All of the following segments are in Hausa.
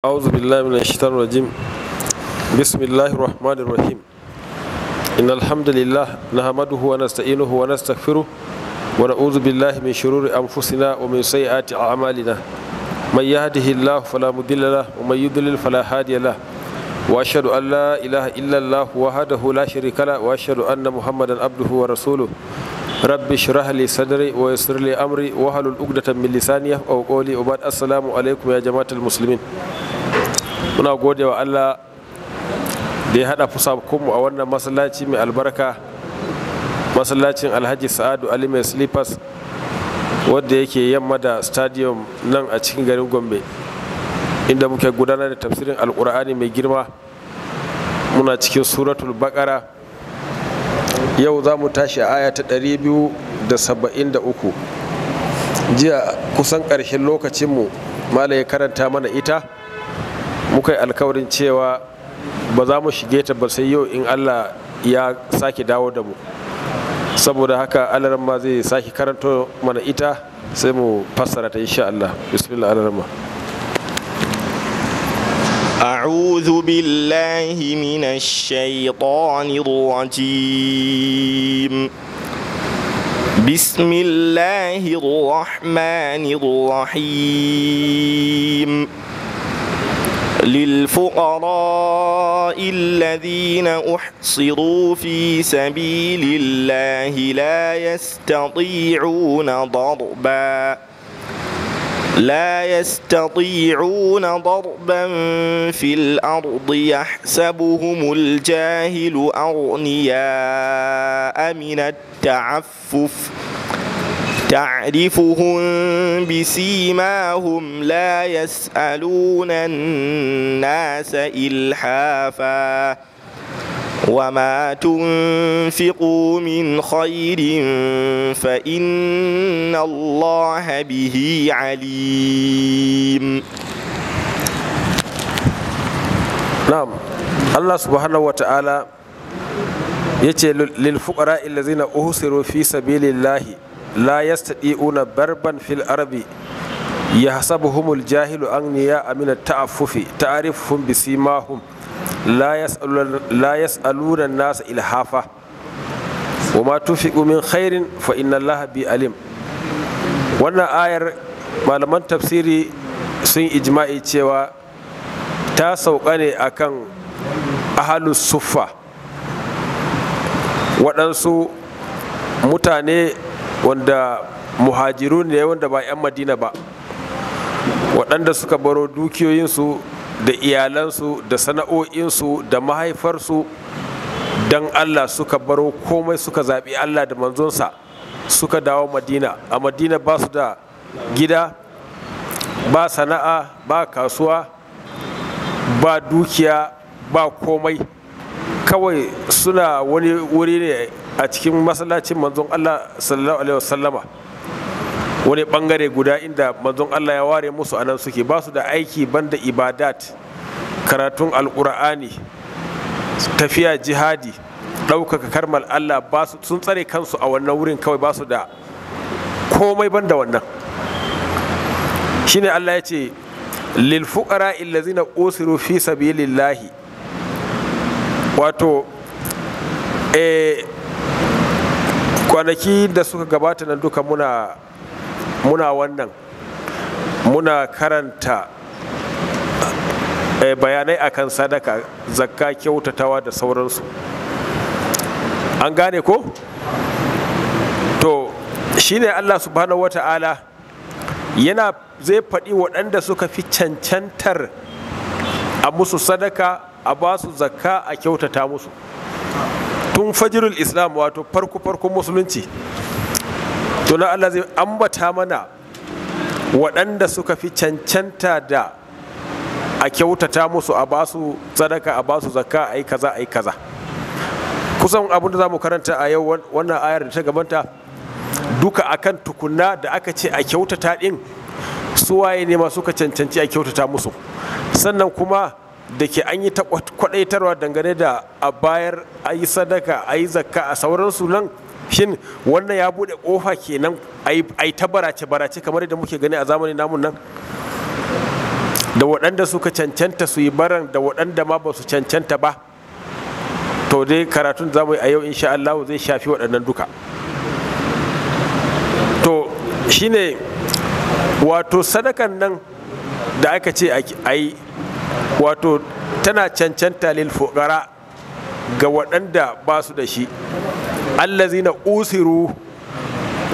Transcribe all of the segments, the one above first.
أعوذ بالله من الشيطان الرجيم بسم الله الرحمن الرحيم إن الحمد لله نحمده ونستعينه ونستغفره ونعوذ بالله من شرور أنفسنا ومن سيئات أعمالنا من يهده الله فلا مضل له ومن يضلل فلا هادي له وأشهد أن لا إله إلا الله وحده لا شريك له وأشهد أن محمدا عبده ورسوله رب اشرح لي صدري ويسر لي أمري واحلل عقدة من لساني أو قولي وبعد السلام عليكم يا جماعة المسلمين muna gode wa allah da ya haɗa fusakunmu a wannan masallaci mai albarka masallacin alhaji sa'adu ali mai slippers wadda yake yamma da stadium nan a cikin garin gombe inda muke gudanar da tafsirin alkur'ani mai girma muna cikin suratul bakara yau za mu tashi a aya ta 273 jiya kusan ƙarshen lokacinmu mala ya karanta mana ita muka yi alkawarin cewa ba za mu shige ta ba sai yau in allah ya sake dawo da mu saboda haka ma zai sake karanta mana ita sai mu fassara ta insha allah bismillah ma أعوذ بالله من الشيطان الرجيم بسم الله الرحمن الرحيم للفقراء الذين أحصروا في سبيل الله لا يستطيعون ضربا لا يستطيعون ضربا في الأرض يحسبهم الجاهل أغنياء من التعفف تعرفهم بسيماهم لا يسألون الناس إلحافا وما تنفقوا من خير فإن الله به عليم نعم الله سبحانه وتعالى يتي للفقراء الذين أهسروا في سبيل الله la yastati'una barban fil arbi humul jahilu agniya amina ta'affufi ta'rifuhum bisimahum la la yas'aluna nasa ilhafa wa ma tufiqu min khairin fa inna allaha bi alim wannan ayar malaman tafsiri sun ijma'i cewa ta sauka ne akan ahalus suffa waɗansu mutane wanda muhajiru ne wanda ba 'yan madina ba waɗanda suka baro dukiyoyinsu da iyalansu da sana'o'insu da mahaifarsu don allah suka baro komai suka zaɓi allah da manzonsa suka dawo madina a madina ba su da gida ba sana'a ba kasuwa ba dukiya ba komai kawai suna wani wuri ne a cikin masallacin manzon Allah sallallahu alaihi wasallama wani bangare guda inda manzon Allah ya ware musu anan suke ba su da aiki banda ibadat karatun alkur'ani tafiya jihadi ɗaukaka karmal Allah ba su sun tsare kansu a wannan wurin kawai ba su da komai banda wannan shine Allah ya ce lil fuqara allazina usiru fi sabilillahi wato eh kwanaki da suka gabata nan duka muna muna wannan muna karanta e, bayanai akan sadaka zakka kyautatawa da sauransu an gane ko to shine allah subhanahu wata'ala yana zai faɗi waɗanda suka fi cancantar a musu sadaka a ba su zakka a kyautata musu tun fajirul islam wato farko farkon musulunci to na Allah zai ambata mana waɗanda suka fi cancanta da a kyautata musu a basu sadaka a basu zakka a yi kaza a yi kaza kusan abin da za mu karanta a yau wannan ayar da ta gabanta duka akan tukunna da aka ce a kyautata ɗin suwaye ne ma suka cancanci a kyautata musu sannan kuma da ke an yi ta kwadaitarwa dangane da a bayar a yi sadaka a yi zakka a sauransu nan shin wannan ya bude kofa kenan a yi ta barace barace kamar yadda muke gani a zamanin namun nan da waɗanda suka cancanta su yi baran da waɗanda ma ba su cancanta ba to dai karatun zamu yi a yau insha Allah zai shafi waɗannan duka to shine wato sadakan nan da aka ce a yi wato tana cancanta lil fuqara ga waɗanda ba su da shi allazina usiru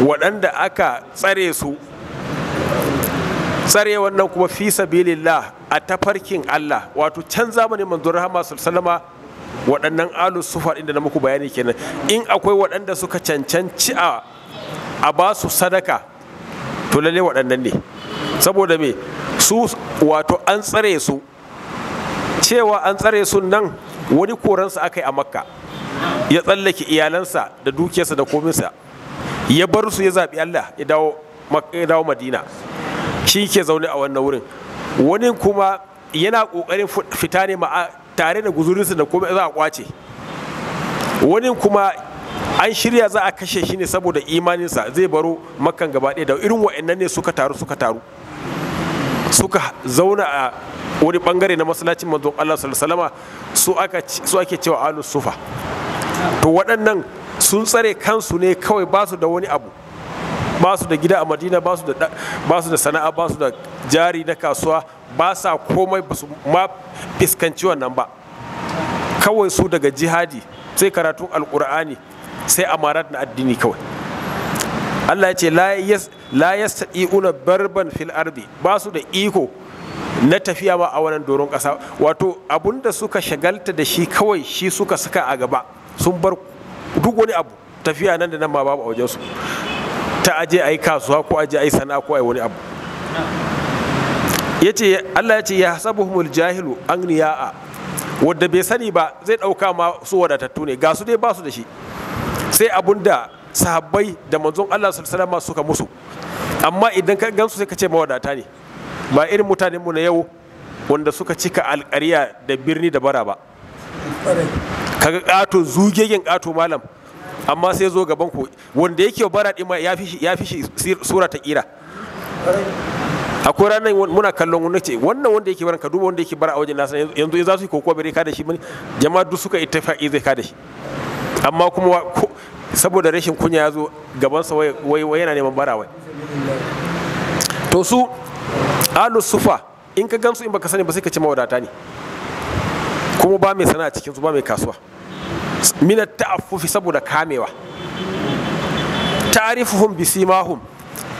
waɗanda aka tsare su tsare wannan kuma fi sabilillah a tafarkin Allah wato can zamani Manzo, rahama sallama waɗannan alu sufa inda na muku bayani kenan in akwai waɗanda suka cancanci a a ba su sadaka to lalle waɗannan ne saboda me su wato an tsare su cewa an tsare su nan wani koransa aka yi a makka ya tsallake iyalansa da dukiyarsa da kominsa ya bar su ya zaɓi allah ya dawo madina shi ke zaune a wannan wurin wani kuma yana ƙoƙarin fita ne tare da guzurinsa da komai za a kwace wani kuma an shirya za a kashe shi ne saboda imaninsa zai baro makan gaba ɗaya da irin wa'annan ne suka taru suka taru suka zauna a wani bangare na masallacin manzon Allah sallallahu alaihi su ake cewa alus sufa to waɗannan sun tsare kansu ne kawai ba su da wani abu ba su da gida a madina ba su da sana'a ba su da jari na kasuwa ba sa komai ba su ma fiskanci wannan ba kawai su daga jihadi sai karatun alkur'ani sai amarat na addini kawai Allah ya ce la yastati'una barban fil ardi ba su da iko na tafiya ma a wannan doron ƙasa wato abun da suka shagalta da shi kawai shi suka saka a gaba sun bar duk wani abu tafiya nan da nan ma babu a wajensu ta aje a yi kasuwa ko aje a yi sana'a ko a yi wani abu ya ce allah ya ce ya hasabuhumul jahilu agniya'a wadda bai sani ba zai ɗauka ma su wadatattu ne ga su dai ba su da shi sai abun da sahabbai da manzon allah sallallahu alaihi wasallam suka musu amma idan ka gansu sai ka ce mawadata ne ba irin mutanenmu na yau wanda suka cika alƙariya da birni da bara ba kaga ƙato zugegen ƙato malam amma sai zo gaban ku wanda yake bara ɗin ma ya fi shi sura ta ƙira akwai ranar muna kallon wani ce wannan wanda yake bara ka duba wanda yake bara a wajen nasa yanzu za su yi kokowa bare ka da shi mani jama'a duk suka yi tafa'i zai ka da shi amma kuma saboda rashin kunya ya zo gabansa wai yana neman bara wai to su alu sufa in ka gamsu in baka sani ba sai ka ce mawadata ne kuma ba mai sana'a cikin su ba mai kasuwa mina ta'affufi saboda kamewa ta'rifuhum bisimahum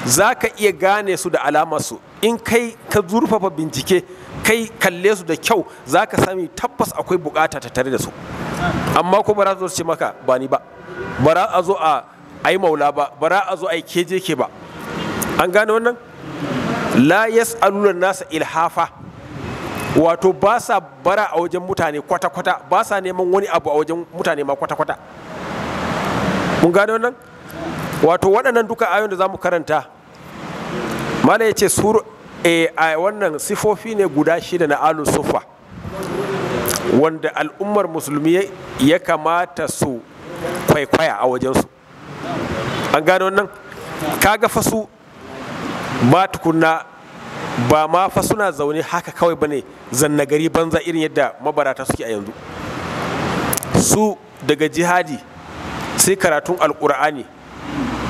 zaka iya gane su da alamar su in kai ka zurfafa bincike kai kalle su da kyau zaka sami tabbas akwai bukata ta tare da su amma ko ba za ce maka ba ni ba ba a zo a ai maula ba bara a zo a keje ke ba an gane wannan la yas'aluna nasa ilhafa wato ba sa bara a wajen mutane kwata-kwata ba sa neman wani abu a wajen mutane ma kwata-kwata mun gane wannan wato waɗannan duka ayon da za mu karanta mana ya ce eh, a wannan sifofi ne guda shida na alu sufa wanda al'ummar musulmi ya kamata su kwaikwaya a wajensu an gane wannan kaga fa su Ba tukunna ba ma fa suna zaune haka kawai bane zanna gari banza irin yadda mabarata suke a yanzu su daga jihadi sai karatun alkur'ani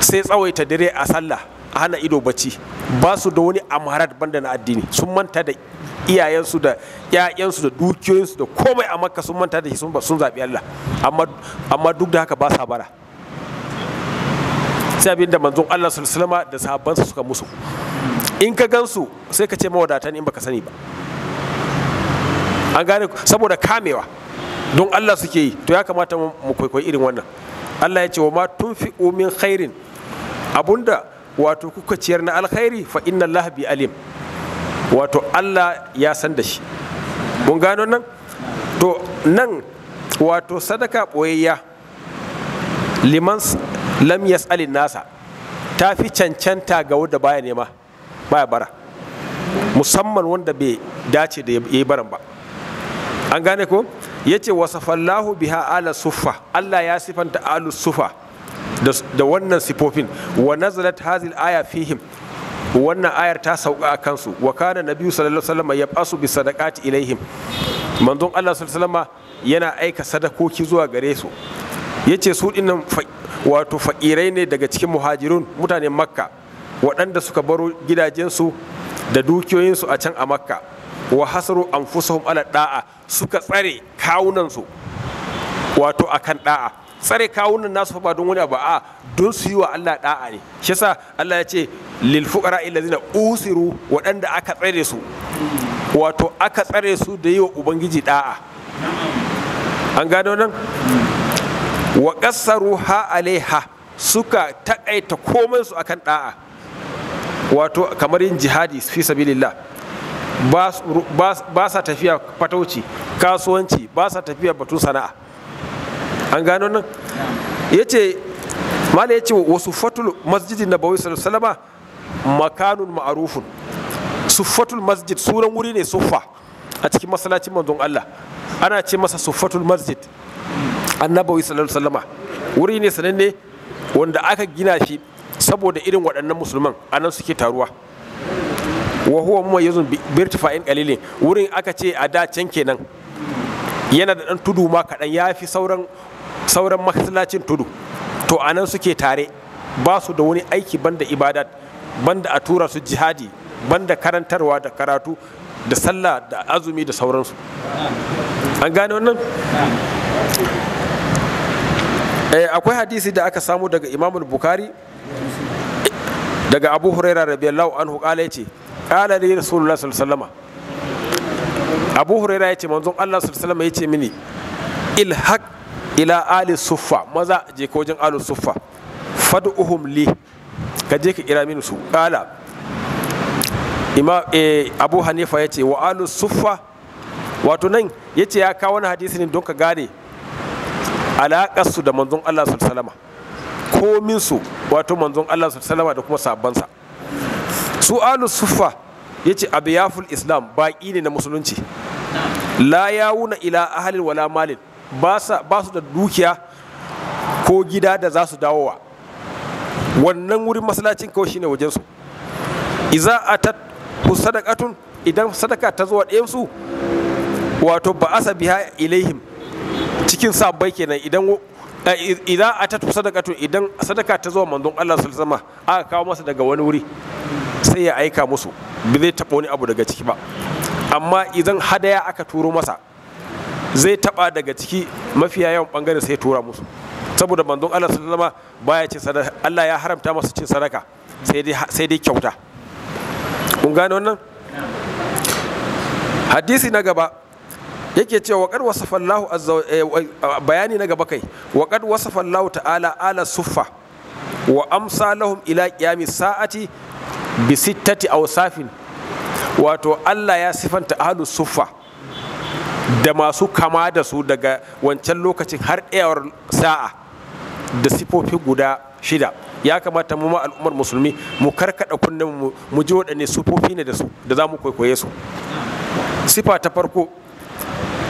sai tsawaita dare a sallah a hana ido bacci ba su da wani amharat banda na addini sun manta da iyayensu da ƴaƴansu da dukiyoyinsu da komai a makka sun manta da shi sun zaɓi allah amma duk da haka ba sa bara sai abin da manzon Allah sallallahu da sahabbansa suka musu in ka gansu sai ka ce ne in baka sani ba an gane saboda kamewa don Allah suke yi to ya kamata mu kwaikwayi irin wannan Allah ya ce wa ma tunfi'u min khairin abunda wato kuka ciyar na alkhairi fa inna Allah bi alim wato Allah ya san da shi mun gano nan to nan wato sadaka boyayya liman lam yas'alin nasa ta fi cancanta ga wanda baya nema baya bara musamman wanda bai dace da yayi baran ba an gane ko yace wasafallahu biha ala suffa Allah ya sifanta alu suffa da wannan sifofin wa nazalat hazil aya fihim wannan ayar ta sauka a kansu wa kana nabiyyu sallallahu alaihi wasallam yab'asu bi sadaqati ilaihim manzon Allah sallallahu alaihi yana aika sadakoki zuwa gare su yace su dinnan wato fakirai ne daga cikin muhajirun mutanen makka waɗanda suka baro gidajensu da dukiyoyinsu a can a makka wa hasaru anfusahum ala da'a suka tsare kawunansu wato akan da'a tsare kawunan nasu ba don wani abu a don su yi wa Allah da'a ne shi yasa Allah ya ce lil fuqara zina, usiru waɗanda aka tsare su wato aka tsare su da yi wa ubangiji da'a an gano nan wa ƙasaru ha alaiha suka taƙaita komansu akan ɗa'a wato kamar yin jihadi fi sabilillah ba sa tafiya fatauci kasuwanci ba sa tafiya batun sana'a an gano nan ya ce mala ya ce wasu fatul masjidin na bawai salama makanun ma'arufun suffatul masjid sunan wuri ne suffa a cikin masallacin manzon Allah ana ce masa suffatul masjid annabawi sallallahu sallama wuri ne sananne wanda aka gina shi saboda irin waɗannan musulman anan suke taruwa wa huwa mu yazun birtifa'in qalilin wurin aka ce a da can kenan yana da dan tudu ma kaɗan ya fi sauran sauran masallacin tudu to anan suke tare ba su da wani aiki banda ibadat banda a tura su jihadi banda karantarwa da karatu da sallah da azumi da sauransu an gane wannan Eh, akwai hadisi da aka samu daga imamul bukari daga abu huraira radiyallahu anhu kala yace kala ne rasulullah sallallahu alaihi abu huraira yace manzon Allah sallallahu ya ce mini ilhaq ila ali suffa maza je ka wajen alu suffa fad'uhum li ka je ka kira min su kala imam eh, abu hanifa wa alu suffa wato nan ya ce ya kawo wani hadisi ne don ka gane alaƙarsu da manzon Allah sallama komin su wato manzon Allah sallama da kuma sabansa su alu suffa yace abiyaful islam baƙi ne na musulunci la yawuna ila ahalin wala malin ba su da dukiya ko gida da za su dawowa wannan wurin masallacin kawai shine wajensu iza atat sadaqatun idan sadaka ta zuwa ɗayan ɗayansu wato ba asa biha ilaihim cikin sabbai kenan idan eh, idan a ta to idan sadaka ta zo manzon Allah sallallahu alaihi wasallam aka kawo masa daga wani wuri sai ya aika musu ba zai taɓa wani abu daga ciki ba amma idan hadaya aka turo masa zai taɓa daga ciki mafiya yawan bangare sai tura musu saboda manzon Allah sallallahu alaihi wasallam baya cin sadaka Allah ya haramta masa cin sadaka sai dai sai dai kyauta kun gane wannan hadisi na gaba yake cewa waƙar wasafa Allah eh, a bayani na gaba kai waƙar wasafa Allah ta'ala ala suffa wa amsa lahum ila qiyami sa'ati bi sittati awsafin wato Allah ya sifanta ahlu suffa da masu kama da su daga wancan lokacin har ɗayawar sa'a da sifofi guda shida ya kamata mu ma al'ummar musulmi mu karkada kunnen mu ji waɗanne sufofi ne da su da za mu kwaikwaye su sifa ta farko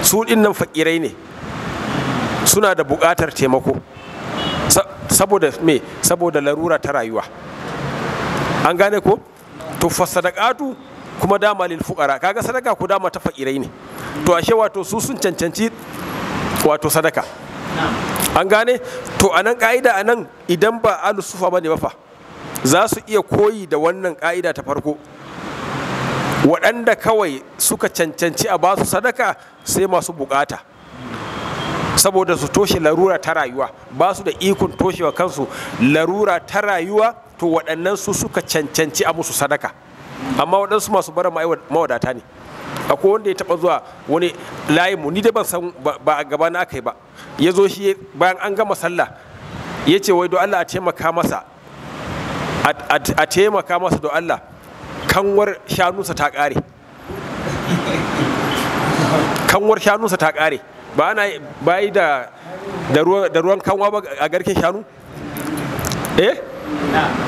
su nan fakirai ne suna da buƙatar taimako saboda me saboda larura ta rayuwa an gane ko to sadaqatu kuma dama lil fuqara kaga sadaka ku dama ta fakirai ne to ashe wato su sun cancanci wato sadaka an gane to anan ka'ida anan idan ba alusufa bane ba fa za su iya koyi da wannan ka'ida ta farko waɗanda kawai suka cancanci a basu sadaka sai masu bukata saboda su toshe larura ta rayuwa ba su da ikon toshewa kansu larura ta rayuwa to waɗannan su suka cancanci a musu sadaka amma waɗansu masu bara mawadata ne akwai wanda ya taɓa zuwa wani layinmu ni da ban san ba a gaba na aka yi ba ya zo shi bayan an gama sallah ya ce wai do Allah a taimaka masa a taimaka masa do Allah kanwar shanunsa ta ƙare kanwar shanunsa ta ƙare ba ana bayi da da ruwan kanwa ba a garken shanu eh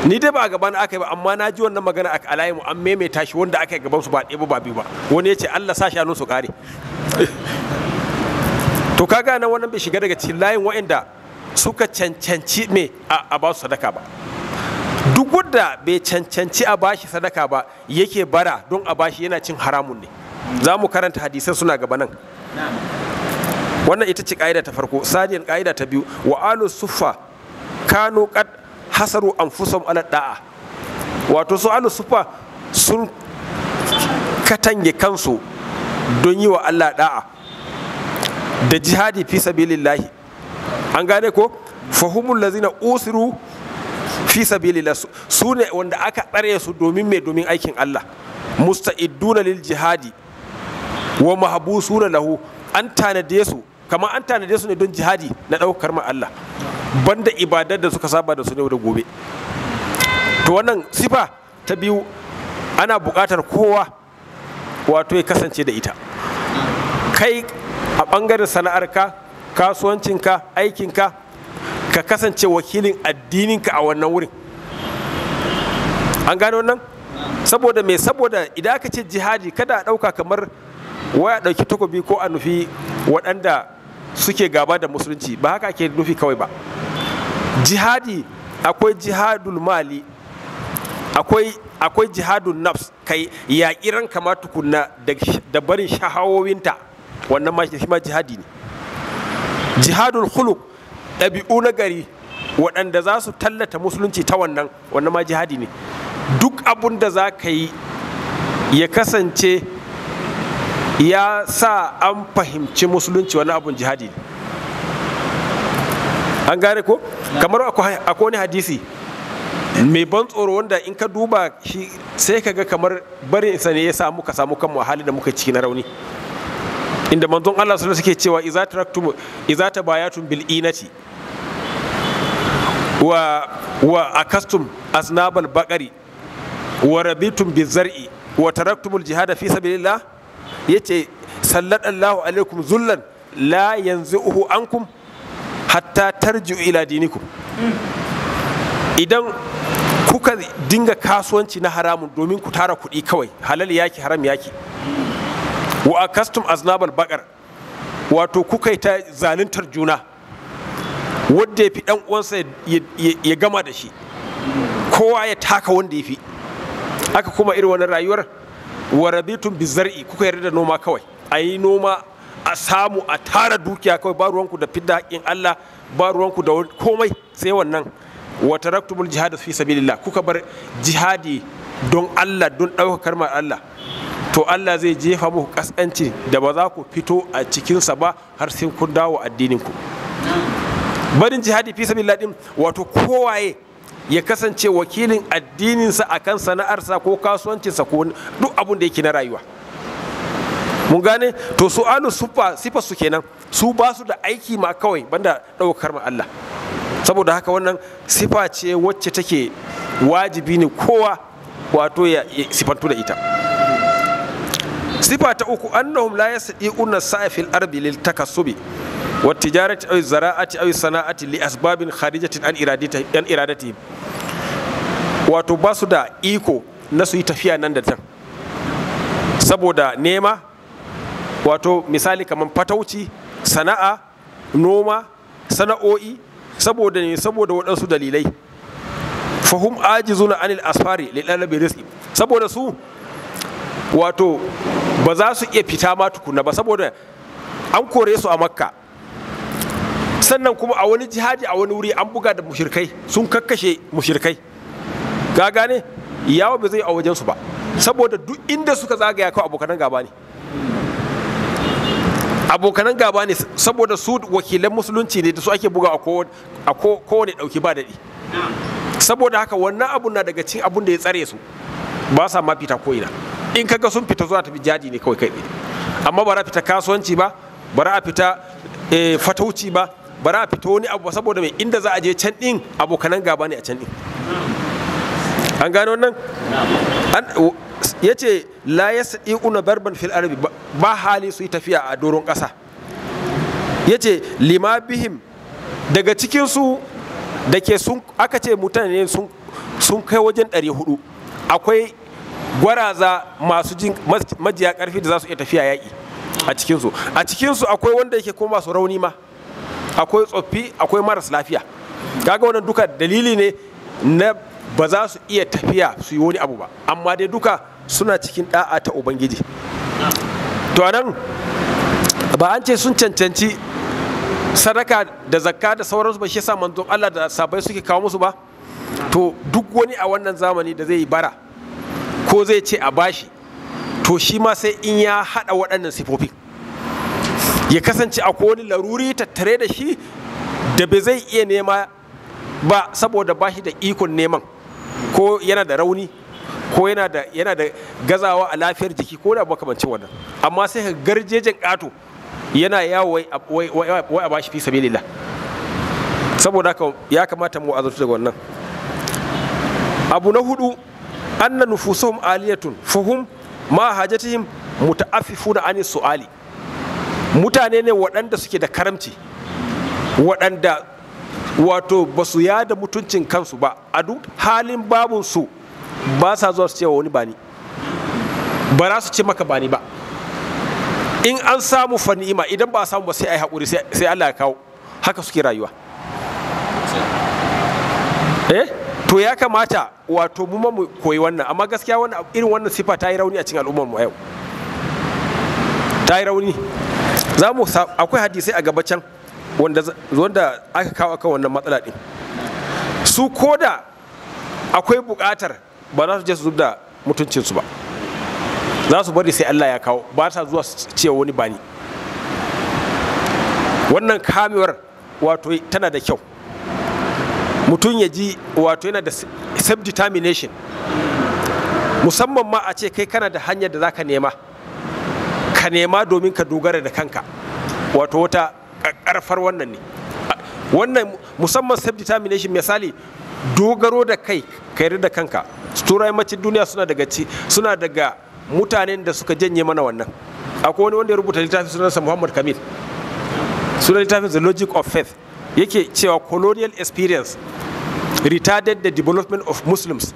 ni dai ba a gaban aka yi ba amma na ji wannan magana a layin mu an maimaita shi wanda aka yi gaban su ba ɗaya ba biyu ba wani ya ce Allah sa shanu su ƙare to kaga nan wannan bai shiga daga cikin layin waɗanda suka cancanci me a ba su sadaka ba duk bai cancanci a bashi sadaka ba yake bara don a bashi yana cin haramun ne za mu karanta hadisan suna gaba nan wannan ita ce ka'ida ta farko sadiyan ka'ida ta biyu wa alu sufa kanu kad hasaru anfusahum ala da'a wato su alu sufa sun katange kansu don yi wa Allah da'a da jihadi fi sabilillahi an gane ko fahimun lazina usiru fi sabili sabilillah su ne wanda aka tsare su domin mai domin aikin Allah musta'iduna lil jihadi wa mahbusuna lahu an tanade su kama an tanade su ne don jihadi na ɗaukar ma Allah banda ibadar da suka saba da su ne da gobe to wannan sifa ta biyu ana buƙatar kowa wato ya kasance da ita kai a ɓangaren sana'arka kasuwancinka aikinka ka kasance wakilin addininka a wannan wurin an gano nan saboda mai saboda idan aka ce jihadi kada a ɗauka kamar waya ɗauki takobi ko a nufi waɗanda suke gaba da musulunci ba haka ake nufi kawai ba jihadi akwai jihadul mali akwai akwai jihadun nafs kai ya kiran kama tukunna da barin shahawowinta wannan ma jihadi ne jihadul khuluq ɗabi'u na gari waɗanda za su tallata musulunci ta wannan wannan ma jihadi ne duk abun da za ka yi ya kasance ya sa an fahimci musulunci wani abun jihadi ne an gane ko kamar akwai wani hadisi mai ban tsoro wanda in ka duba shi sai ka ga kamar barin isa ne ya sa muka samu kanmu a hali da muka ciki na rauni inda manzon Allah sallallahu alaihi wasallam suke cewa izata taraktum idza tabayatum bil inati wa wa akastum Aznabal Bakari, wa rabitum bizar'i wa taraktumul jihada fi sabilillah yace sallallahu alaikum zullan la yanzuhu ankum hatta tarji'u ila dinikum idan kuka dinga kasuwanci na haramun domin ku tara kuɗi kawai halal yaki haram yaki wa akastum aznabal Bakar, wato kuka ta zaluntar juna wadda ya fi ɗan uwansa ya gama da shi kowa ya taka wanda ya fi aka kuma irin wani rayuwar warabitun bizar'i kuka yarda da noma kawai a yi noma a samu a tara dukiya kawai ba ruwanku da fidda haƙƙin Allah ba ruwanku da komai sai wannan wata taraktumul jihad fi sabilillah kuka bar jihadi don Allah don ɗaukakar ma Allah to Allah zai jefa muku kasanci da ba za ku fito a cikinsa ba har sai kun dawo addininku. barin jihadi fi sabilillah din wato kowaye ya kasance wakilin addininsa a akan sana'arsa ko kasuwancinsa ko duk abunda da yake na rayuwa mun gane to su alu sifa su kenan su ba su da aiki ma kawai banda ɗaukar ma Allah saboda haka wannan sifa ce wacce take wajibi ne kowa wato ya sifantu da ita sifa ta uku annahum la yasdi'una sa'ifil arbi lil takassubi wa tijarati a zara'ati aw sana'ati li asbabin kharijatin an iradati wato ba su da iko na su yi tafiya nan da can saboda nema wato misali kamar fatauci sana'a noma sana'o'i saboda ne saboda waɗansu dalilai aji ajizuna anil asfari lilalabi rizqi saboda su wato ba za su iya fita ma tukuna ba saboda an kore su a makka sannan kuma a wani jihadi a wani wuri an buga da mushirkai sun kakkashe mushirkai ga gane yawo bai zai a wajen su ba saboda duk inda suka zagaya kawai abokanan gaba ne abokanan gaba ne saboda su wakilan musulunci ne da su ake buga a kowane dauki ba daɗi saboda haka wannan abun na daga cin abun da ya tsare su ba sa ma fita ko ina in kaga sun fita zuwa tafi jaji ne kawai kai amma ba fita kasuwanci ba ba a fita eh, fatauci ba ba za a fito wani abu saboda mai inda za a je can din abokanan gaba ne a can din an gano nan ya ce la ya una barban fil arabi ba hali su yi tafiya a doron ƙasa ya ce lima bihim daga cikinsu da ke sun aka ce mutane sun kai wajen 400 akwai gwaraza masu jin majiya karfi da za su iya tafiya yaƙi a cikinsu a cikinsu akwai wanda yake kuma su rauni ma akwai tsoffi akwai maras lafiya kaga wannan duka dalili ne na ba za su iya tafiya su yi wani abu ba amma dai duka suna cikin da'a ta ubangiji to nan ba an ce sun cancanci sadaka da zakka da sauransu ba shi yasa manzon Allah da sabai suke kawo musu ba to duk wani a wannan zamani da zai bara ko zai ce a bashi to shi ma sai in ya haɗa waɗannan sifofin ya kasance a wani laruri tattare da shi da bai zai iya nema ba saboda ba shi da ikon neman ko yana da rauni ko yana da gazawa a lafiyar jiki ko da makamancin wannan amma sai ka garjejen ƙato yana yawo wai a bashi fi sabilillah saboda ya kamata mu azurta daga wannan abu na hudu anna nufusuhum aliyatun fuhum ma hajatihim da anis su'ali mutane ne waɗanda suke da karamci waɗanda wato ba su yada mutuncin kansu ba a duk halin babunsu ba sa zuwa su cewa wani bani ba za su ce maka bani ba in an samu fa idan ba a samu ba sai a yi haƙuri sai Allah ya kawo haka suke rayuwa eh to ya kamata wato mu mu koyi wannan amma gaskiya wannan irin wannan sifa ta yi rauni a cikin al'ummar mu yau ta yi rauni za mu akwai hadisai a gabacin wanda aka kawo kan wannan matsala ɗin su da akwai buƙatar ba za su je su zub da mutuncinsu ba za su bari sai Allah ya kawo ba sa zuwa ce wani bani wannan kamewar wato tana da kyau mutum ya ji wato yana da self determination musamman ma a ce kai kana da hanyar da zaka nema ka nema domin ka dogara da kanka wato wata karfar wannan ne wannan musamman self determination misali dogaro da kai ka yarda da kanka turai mace duniya suna daga ci suna daga mutanen da suka janye mana wannan akwai wani wanda ya rubuta littafin sunan sa muhammad kamil sunan littafin the logic of faith yake cewa colonial experience retarded the development of muslims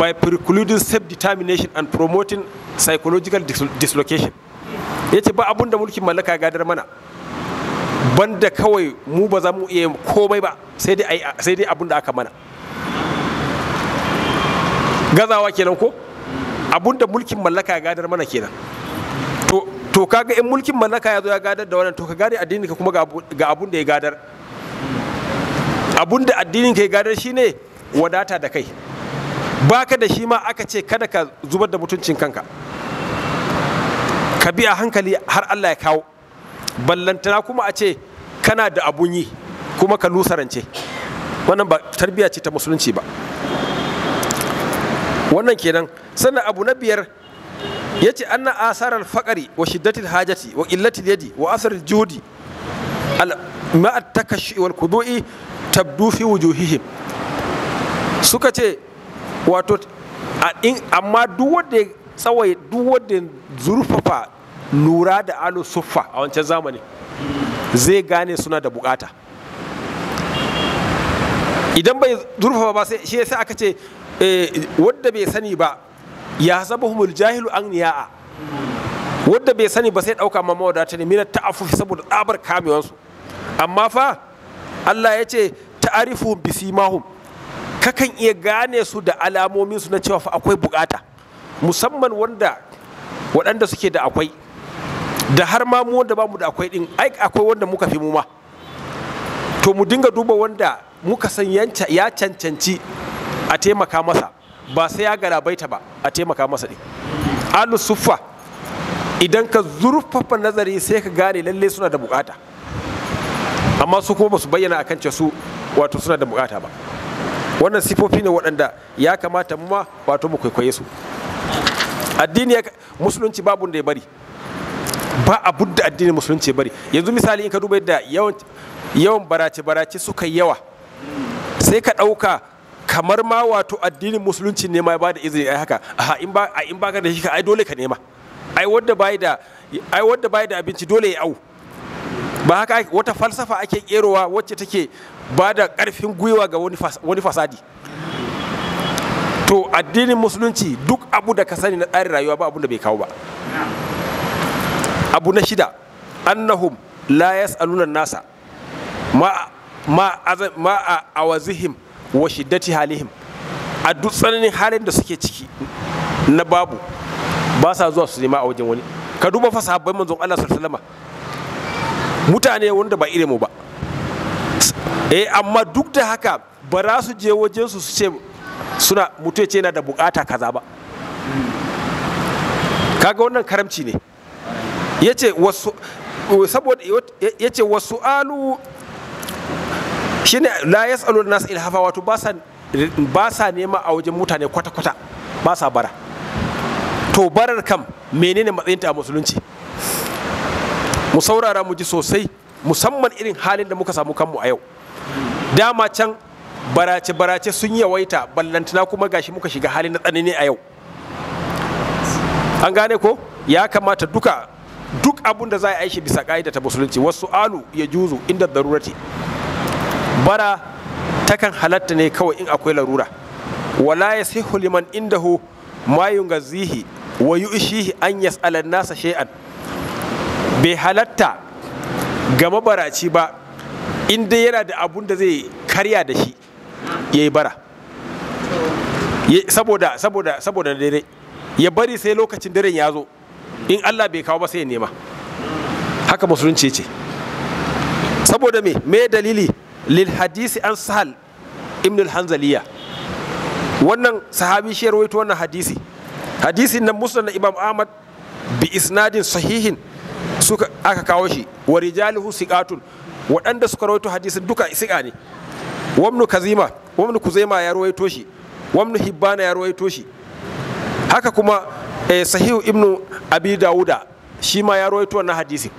by precluding self-determination and promoting psychological dislocation ya ce ba abun da mulkin mallaka gadar mana banda kawai mu ba za mu iya komai ba sai dai abun da aka mana gazawa kenan ko abun da mulkin mallaka gadar mana kenan to kaga in mulkin mallaka ya zo ya gadar da wannan to ka gane addinin ka kuma ga abun da ya gadar abun da addinin ka ya gadar shine wadata da kai baka da shi ma aka ce kada ka zubar da mutuncin kanka ka bi a hankali har Allah ya kawo ballantana kuma a ce kana da abun yi kuma ka lusarance wannan ba tarbiya ce ta musulunci ba wannan kenan sannan abu na biyar ya ce anna asarar faƙari wa shiddatin hajati wa illatin yadi wa asarar jihudi. ma'a takashi wal kudu'i tabdu fi wujuhihim suka ce wato amma duk wanda tsawai duk zurfafa lura da alo suffa a wancan zamani zai gane suna da bukata idan bai zurfafa ba sai shi sai aka ce eh, wadda bai sani ba ya humul jahilu an niya'a wadda bai sani ba sai dauka ma mawadata ne mina ta'affufi saboda tsabar kamewansu amma fa Allah ya ce ta'arifu bisimahum kakan iya gane su da alamomin su na cewa fa akwai bukata musamman wanda waɗanda suke da akwai da har ma mu wanda bamu da akwai din ai akwai wanda muka fi mu ma to mu dinga duba wanda muka san ya cancanci a taimaka masa ba sai ya garabaita ba a taimaka masa din alu suffa idan ka zurfafa nazari sai ka gane lalle suna da bukata amma su kuma ba su bayyana akan cewa su wato suna da bukata ba wannan sifofi ne waɗanda ya kamata mu ma wato mu kwaikwaye su addini ya musulunci babu da ya bari ba a da addinin musulunci ya bari yanzu misali in ka duba yadda yawan barace barace suka yawa sai ka ɗauka kamar ma wato addinin musulunci ne ma ya bada izini ai haka a in ba a in da shi ka ai dole ka nema ai wanda bai da ai wanda bai da abinci dole ya au ba haka wata falsafa ake kerowa wacce take ba da ƙarfin gwiwa ga wani fasadi to addinin musulunci duk abu da ka sani na tsarin rayuwa ba abu da bai kawo ba abu na shida annahum la yas'aluna nasa ma ma a awazihim wa shiddati halihim a duk tsananin halin da suke ciki na babu ba sa zuwa su nema a wajen wani ka duba fa sahabbai manzon Allah sallallahu alaihi mutane wanda ba ilimu ba eh amma duk da haka ba za su je wajen su ce suna mutu ce yana da bukata kaza ba kaga wannan karamci ne ya ce wasu saboda ya alu shi ne la ya tsalo da nasu ilhafa wato ba sa nema a wajen mutane kwata-kwata ba sa bara to barar kam menene matsayinta a musulunci mu saurara mu ji sosai musamman irin halin da muka samu kanmu a yau dama can barace barace sun yawaita ballantana kuma gashi muka shiga halin na tsanani a yau an gane ko ya kamata duka duk abun da za a yi bisa ka'ida ta musulunci wasu alu ya juzu inda darurati bara takan halatta ne kawai in akwai larura wala ya sihu liman indahu ma yungazihi wa yu'shihi an yas'ala nasa shay'an bai halatta ga mabaraci ba in dai yana da abun da zai karya da shi ya yi bara saboda saboda saboda dare ya bari sai lokacin daren ya zo in Allah bai kawo ba sai ya nema haka musulunci ce saboda me me dalili lil hadisi an sahal ibn al hanzaliya wannan sahabi shi ya rawaito wannan hadisi hadisin nan musnad imam ahmad bi isnadin sahihin suka aka kawo shi wa rijaluhu siqatun waɗanda suka rawaito hadisin duka siqa ne wamnu kazima wamnu kuzaima ya rawaito shi wamnu hibbana ya rawaito shi haka kuma eh, sahihu ibnu abi dauda shi ma ya rawaito wannan hadisi.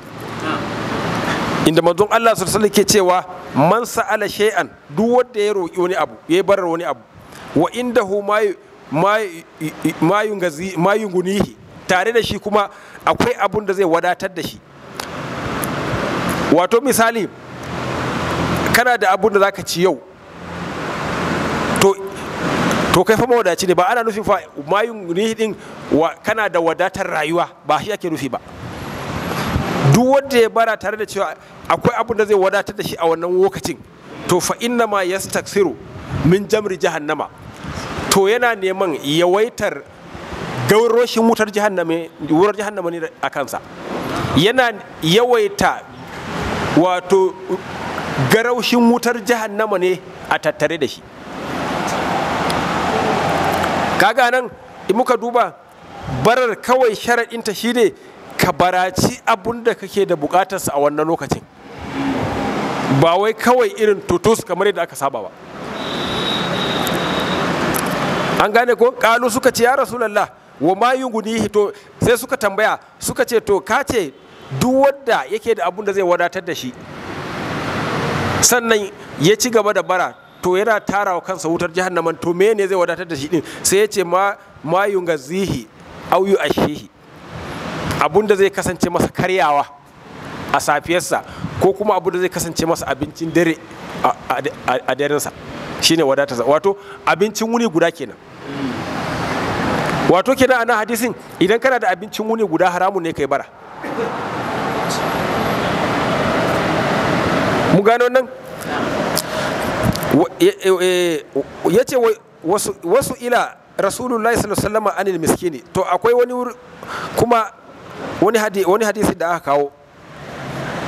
inda manzon Allah sallallahu alaihi ke cewa man sa'ala shay'an duk wanda ya roki wani abu ya barar wani abu wa indahu ma ma ma yungunihi tare da shi kuma akwai abun da zai wadatar da shi wato misali kana da abun da zaka ci yau to kai fa mawadaci ne ba ana nufin fa mayun ni din kana da wadatar rayuwa ba shi ake nufi ba duk wanda ya bara tare da cewa akwai abun da zai wadatar da shi a wannan lokacin to fa inna ma yastaksiru min jamri jahannama to yana neman yawaitar gauroshin wutar jihannama ne a kansa yana yawaita wato garaushin wutar jihannama ne a tattare da shi kaga nan in muka duba barar kawai sharaɗinta shine ka baraci abun da kake da bukatarsa a wannan lokacin ba wai kawai irin tutus kamar yadda aka saba ba an gane ko ƙalu suka ce ya rasulallah wa ma yugunihi to sai suka tambaya suka ce to ka ce duk wanda yake da abun da zai wadatar da shi sannan ya ci gaba da bara to yana tara wa kansa wutar jahannaman to me ne zai wadatar da shi din sai ya ce ma ma zihi auyu ashihi abun da zai kasance masa karyawa a safiyarsa ko kuma abu da zai kasance masa abincin dare a darensa shine wadatarsa wato abincin wuni guda kenan wato ke ana hadisin idan kana da abincin wuni guda haramun ne kai bara mu gano nan ya ce wasu ila rasulullah sallallahu anil miskini to akwai wani kuma wani hadisi da aka kawo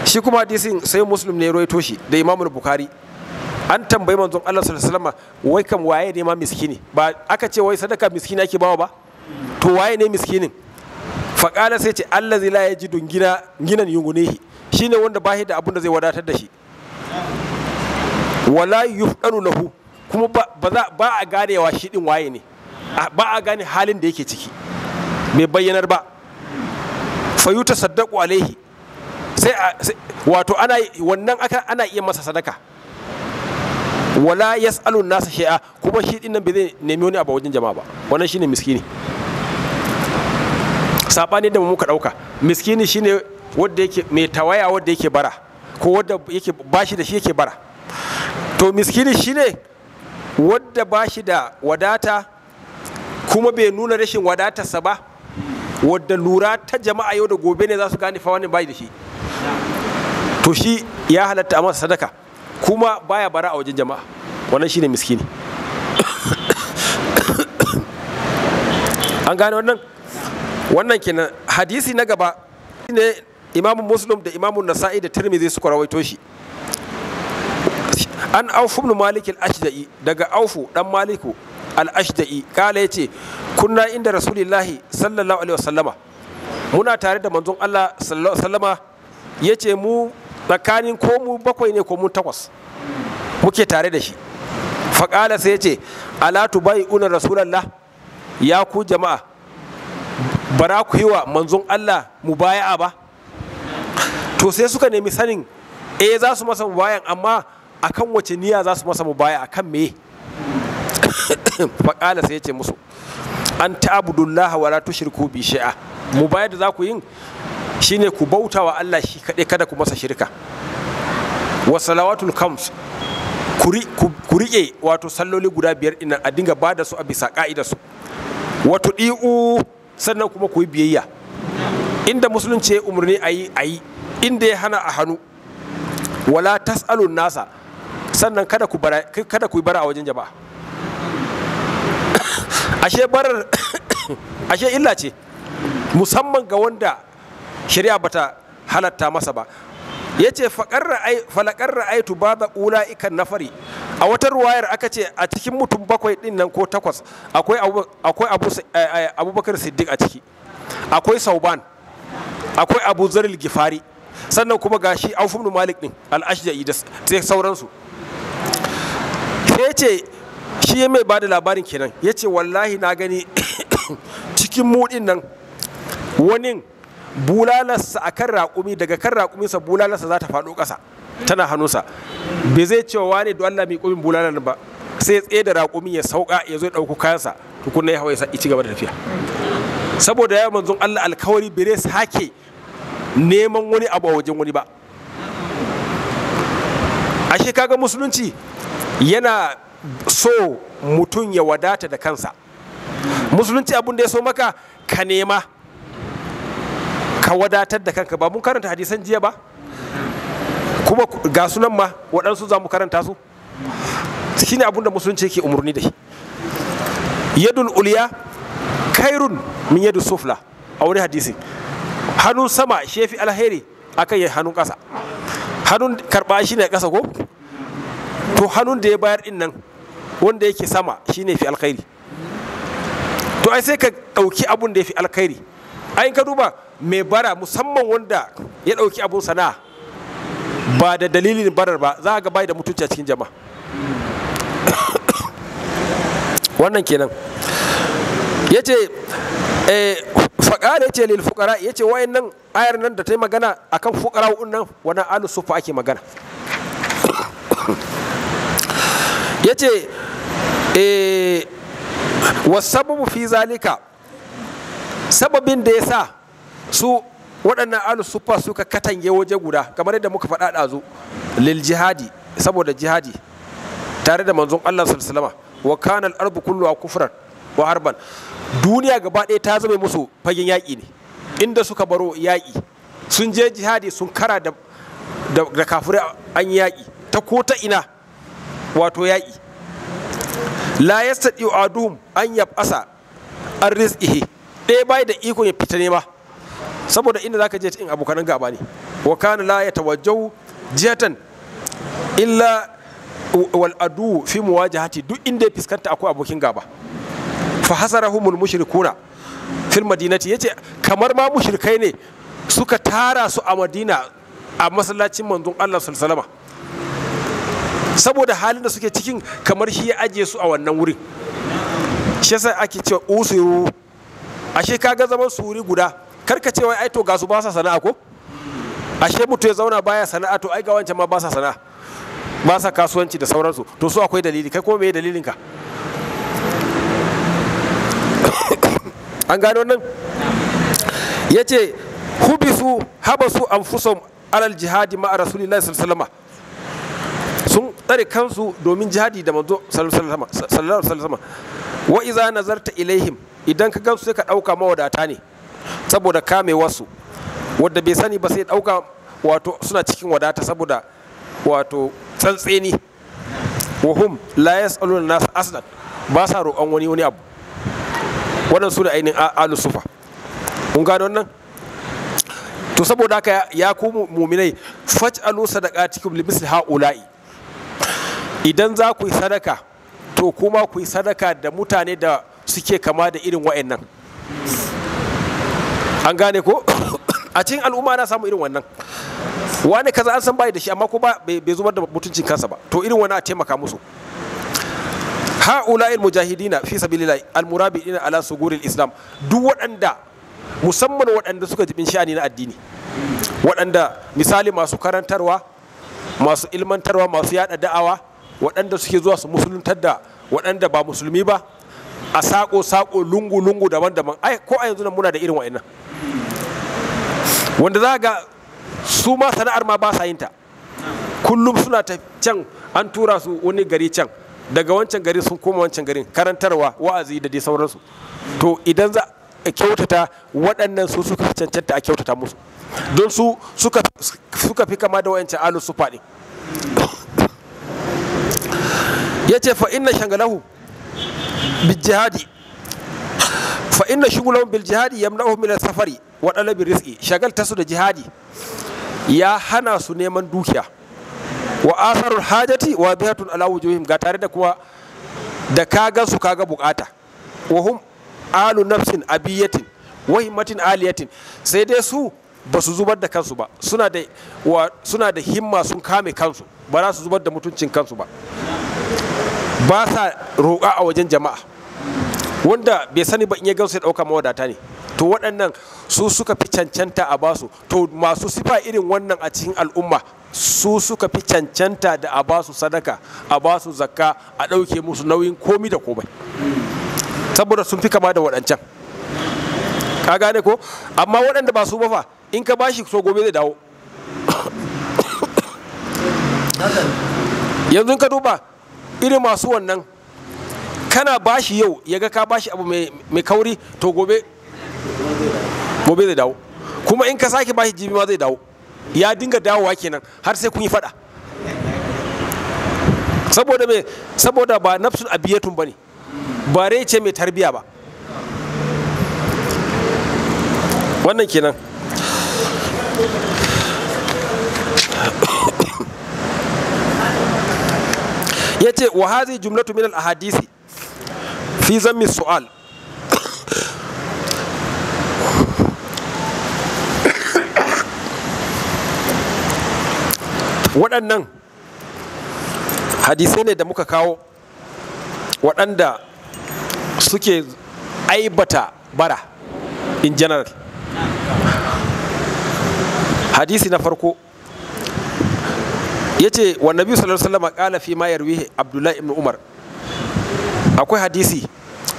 shi kuma hadisin sai muslim ne roito shi da imamul bukari an tambayi manzon Allah sallallahu alaihi wasallam wai kam waye ne ma miskini ba aka ce wai sadaka miskini ake bawa ba to waye ne miskinin faƙala sai ce allazi la yajidu gina ginan yungunehi shine wanda ba shi da abin da zai wadatar da shi wala yufqaru lahu kuma ba a ganewa shi din waye ne ba a gane halin da yake ciki mai bayyanar ba yuta saddaqu alaihi sai wato ana wannan aka ana iya masa sadaka wala yas'alun nasa shi'a kuma shi din nan bai zai nemi wani abu wajen jama'a ba wannan shine miskini sabani da muka dauka miskini shine wanda yake mai tawaya wanda yake bara ko wanda yake bashi da shi yake bara to miskini shine wanda bashi da wadata kuma bai nuna rashin wadatarsa ba wadda lura ta jama'a yau da gobe ne za su gane fa wani bai da shi to shi ya halatta a masa sadaka kuma baya bara a wajen jama'a wannan shine miskini an gane wannan wannan kenan hadisi na gaba ne imamu muslim da imamu nasa'i da tirmidhi suka rawaito shi an aufu ibn malik al-ashda'i daga aufu dan maliku al-ashda'i kala yace kunna inda rasulillahi sallallahu alaihi wasallama muna tare da manzon Allah sallallahu alaihi wasallama yace mu tsakanin ko mu bakwai ne ko mu takwas muke tare da shi faƙala sai yace ala tubai'una rasulullah ya ku jama'a Ba za ku yi wa manzon Allah mubaya'a ba to sai suka nemi sanin e za su masa mubayan amma akan wace niyya za su masa mubaya akan me faƙala sai ya ce musu an ta'budullaha wa la tushriku bi Mu mubaya da za ku yin shine ku bauta wa Allah shi kaɗai kada ku masa shirka wa salawatul ku riƙe wato salloli guda biyar ina a dinga ba da su a bisa ƙa'ida su wato ɗi'u sannan kuma ku yi biyayya inda musulunci ya umarni a yi a yi inda ya hana a hannu wala tas'alun nasa sannan kada ku bara bara a wajen jama'a ashe barar ashe illa ce musamman ga wanda shari'a bata halatta masa ba ya ce falakar ra'aitu ba da ula ikan nafari a wata ruwayar aka ce a cikin mutum bakwai din nan ko takwas akwai eh, eh, abubakar siddiq a ciki akwai sauban akwai abu zaril gifari sannan kuma gashi an ibn malik din al yi da ta sauransu sai ce shi ya mai bada labarin kenan ya ce wallahi na gani cikin mudin nan wani bulalarsa a kan raƙumi daga kan raƙuminsa bulalarsa za ta faɗo ƙasa tana hannunsa bai zai cewa wani don Allah mai ƙumin bulalar ba sai tsaye da raƙumi ya sauka ya zo ya ɗauko kayansa tukunna ya hawa ya ci gaba da tafiya saboda ya manzon Allah alkawari bai sake neman wani abu a wajen wani ba ashe kaga musulunci yana so mutum ya wadata da kansa musulunci abin da ya so maka ka nema ka wadatar da kanka ba mun karanta hadisan jiya ba kuma ga sunan ma waɗansu za mu karanta su shine ne da musulunci yake umarni da shi yadul uliya kairun min yadu sufla a wani hadisi hannun sama shi fi alheri akan yi hannun ƙasa hannun karɓa shi ne ƙasa ko to hannun da ya bayar din nan wanda yake sama shi ne fi alkhairi to ai sai ka ɗauki abun da ya fi alkhairi ai ka duba mai bara musamman wanda ya ɗauki abun sana'a ba da dalilin barar ba za ga bai da mutunci a cikin jama'a wannan kenan ya ce eh, faƙara ya ce lil fukara. ya ce wayan nan ayar nan da ta yi magana akan fuƙara nan wani alu sufa ake magana ya ce eh, wasu fi zalika sababin da ya sa su waɗannan alu sufa suka katange waje guda kamar yadda muka faɗa ɗazu lil jihadi saboda jihadi tare da manzon Allah sallallahu wa kana al-ardu kulluha kufran wa harban duniya gaba ɗaya ta zama musu fagen yaƙi ne inda suka baro yaƙi sun je jihadi sun kara da da kafirai an yaƙi ta ko ta ina wato yaƙi la yastati aduhum an yab'asa an rizqihi ɗaya bai da iko ya fita nema saboda inda zaka je in abokanan gaba ne wa kana la yatawajjahu jihatan illa wal adu fi muwajahati duk inda ya fiskanta akwai abokin gaba fa hasarahumul mushrikuna fil madinati yace kamar ma mushrikai ne suka tara su a madina a masallacin manzon Allah sallallahu saboda halin da suke cikin kamar shi ya ajiye su a wannan wurin shi yasa ake cewa usuru ashe kaga zaman suri guda karka ce wai ai to ga su ba sa sana'a ko ashe mutu ya zauna baya sana'a to ai ga wancan ma ba sa sana'a ba sa kasuwanci da sauransu to su akwai dalili kai ko me dalilin ka an gano nan ya ce hubisu habasu anfusum alal jihadi ma rasulillahi sallallahu alaihi sun tsare kansu domin jihadi da manzo sallallahu alaihi wasallam wa iza nazarta ilaihim idan ka gamsu sai ka dauka mawadata ne saboda kame wasu wadda bai sani ba sai ɗauka wato suna cikin wadata saboda wato tsantseni wahum la yas'aluna nas aslan ba sa roƙon wani wani abu wannan su da ainihin alu sufa kun gano wannan to saboda haka ya ku muminai faj'alu sadaqatikum limisli haula'i idan za ku yi sadaka to kuma ku yi sadaka da mutane da suke kama da irin wa'annan an gane ko a cikin al'umma na samu irin wannan wani kaza an san bai da shi amma ko ba bai zubar da mutuncin kansa ba to irin wani a taimaka musu ha'ula'il mujahidina fi sabilillah almurabidina ala suguril islam duk waɗanda musamman waɗanda suka jibin sha'ani na addini waɗanda misali masu karantarwa masu ilmantarwa masu yada da'awa waɗanda suke zuwa su musuluntar da waɗanda ba musulmi ba a sako sako lungu lungu daban-daban ai ko a yanzu nan muna da irin wa'annan wanda za ga su ma sana'ar ma ba sa yin ta kullum suna ta can an tura su wani gari can daga wancan gari sun koma wancan garin karantarwa wa'azi da dai sauransu to idan za a kyautata waɗannan su suka fi cancanta a kyautata musu don su suka fi kama da wayancan alu su faɗi ya ce fa inna shangalahu bil jihadi fa inna shugulahu bil jihadi yamna'uhu min safari wa ɗalabin rizki shagalta su da jihadi ya hana su neman dukiya wa asarul hajati wa bihatun ala wujuhim ga tare da kuwa da kaga su kaga bukata wa hum alu nafsin abiyatin wa himmatin aliyatin sai dai su ba su zubar da kansu ba suna da suna da himma sun kame kansu ba za su zubar da mutuncin kansu ba ba sa roƙa a wajen jama'a wanda bai sani ba in ya gamsu ya ɗauka mawadata ne to waɗannan su suka fi cancanta a basu to masu sifa irin wannan a cikin al'umma su suka fi cancanta da a basu sadaka a basu zakka a ɗauke musu nauyin komi da komai saboda sun fi kama da waɗancan ka gane ko amma waɗanda ba su ba fa in ka bashi so gobe zai dawo yanzu ka duba irin masu wannan kana bashi yau ya ga ka bashi abu mai kauri to gobe gobe zai dawo kuma in ka sake bashi jibi ma zai dawo ya dinga dawowa kenan har sai kun yi fada saboda me saboda ba nafsun abiyatun bane ba rai ce mai tarbiya ba wannan kenan yace wa hazi jumlatu min al ahadisi fi zammi su'al waɗannan hadisai ne da muka kawo waɗanda suke aibata bara in general hadisi na farko ya ce wa nabi sallallahu alaihi wasallam fi ma yarwihi abdullahi ibn umar akwai hadisi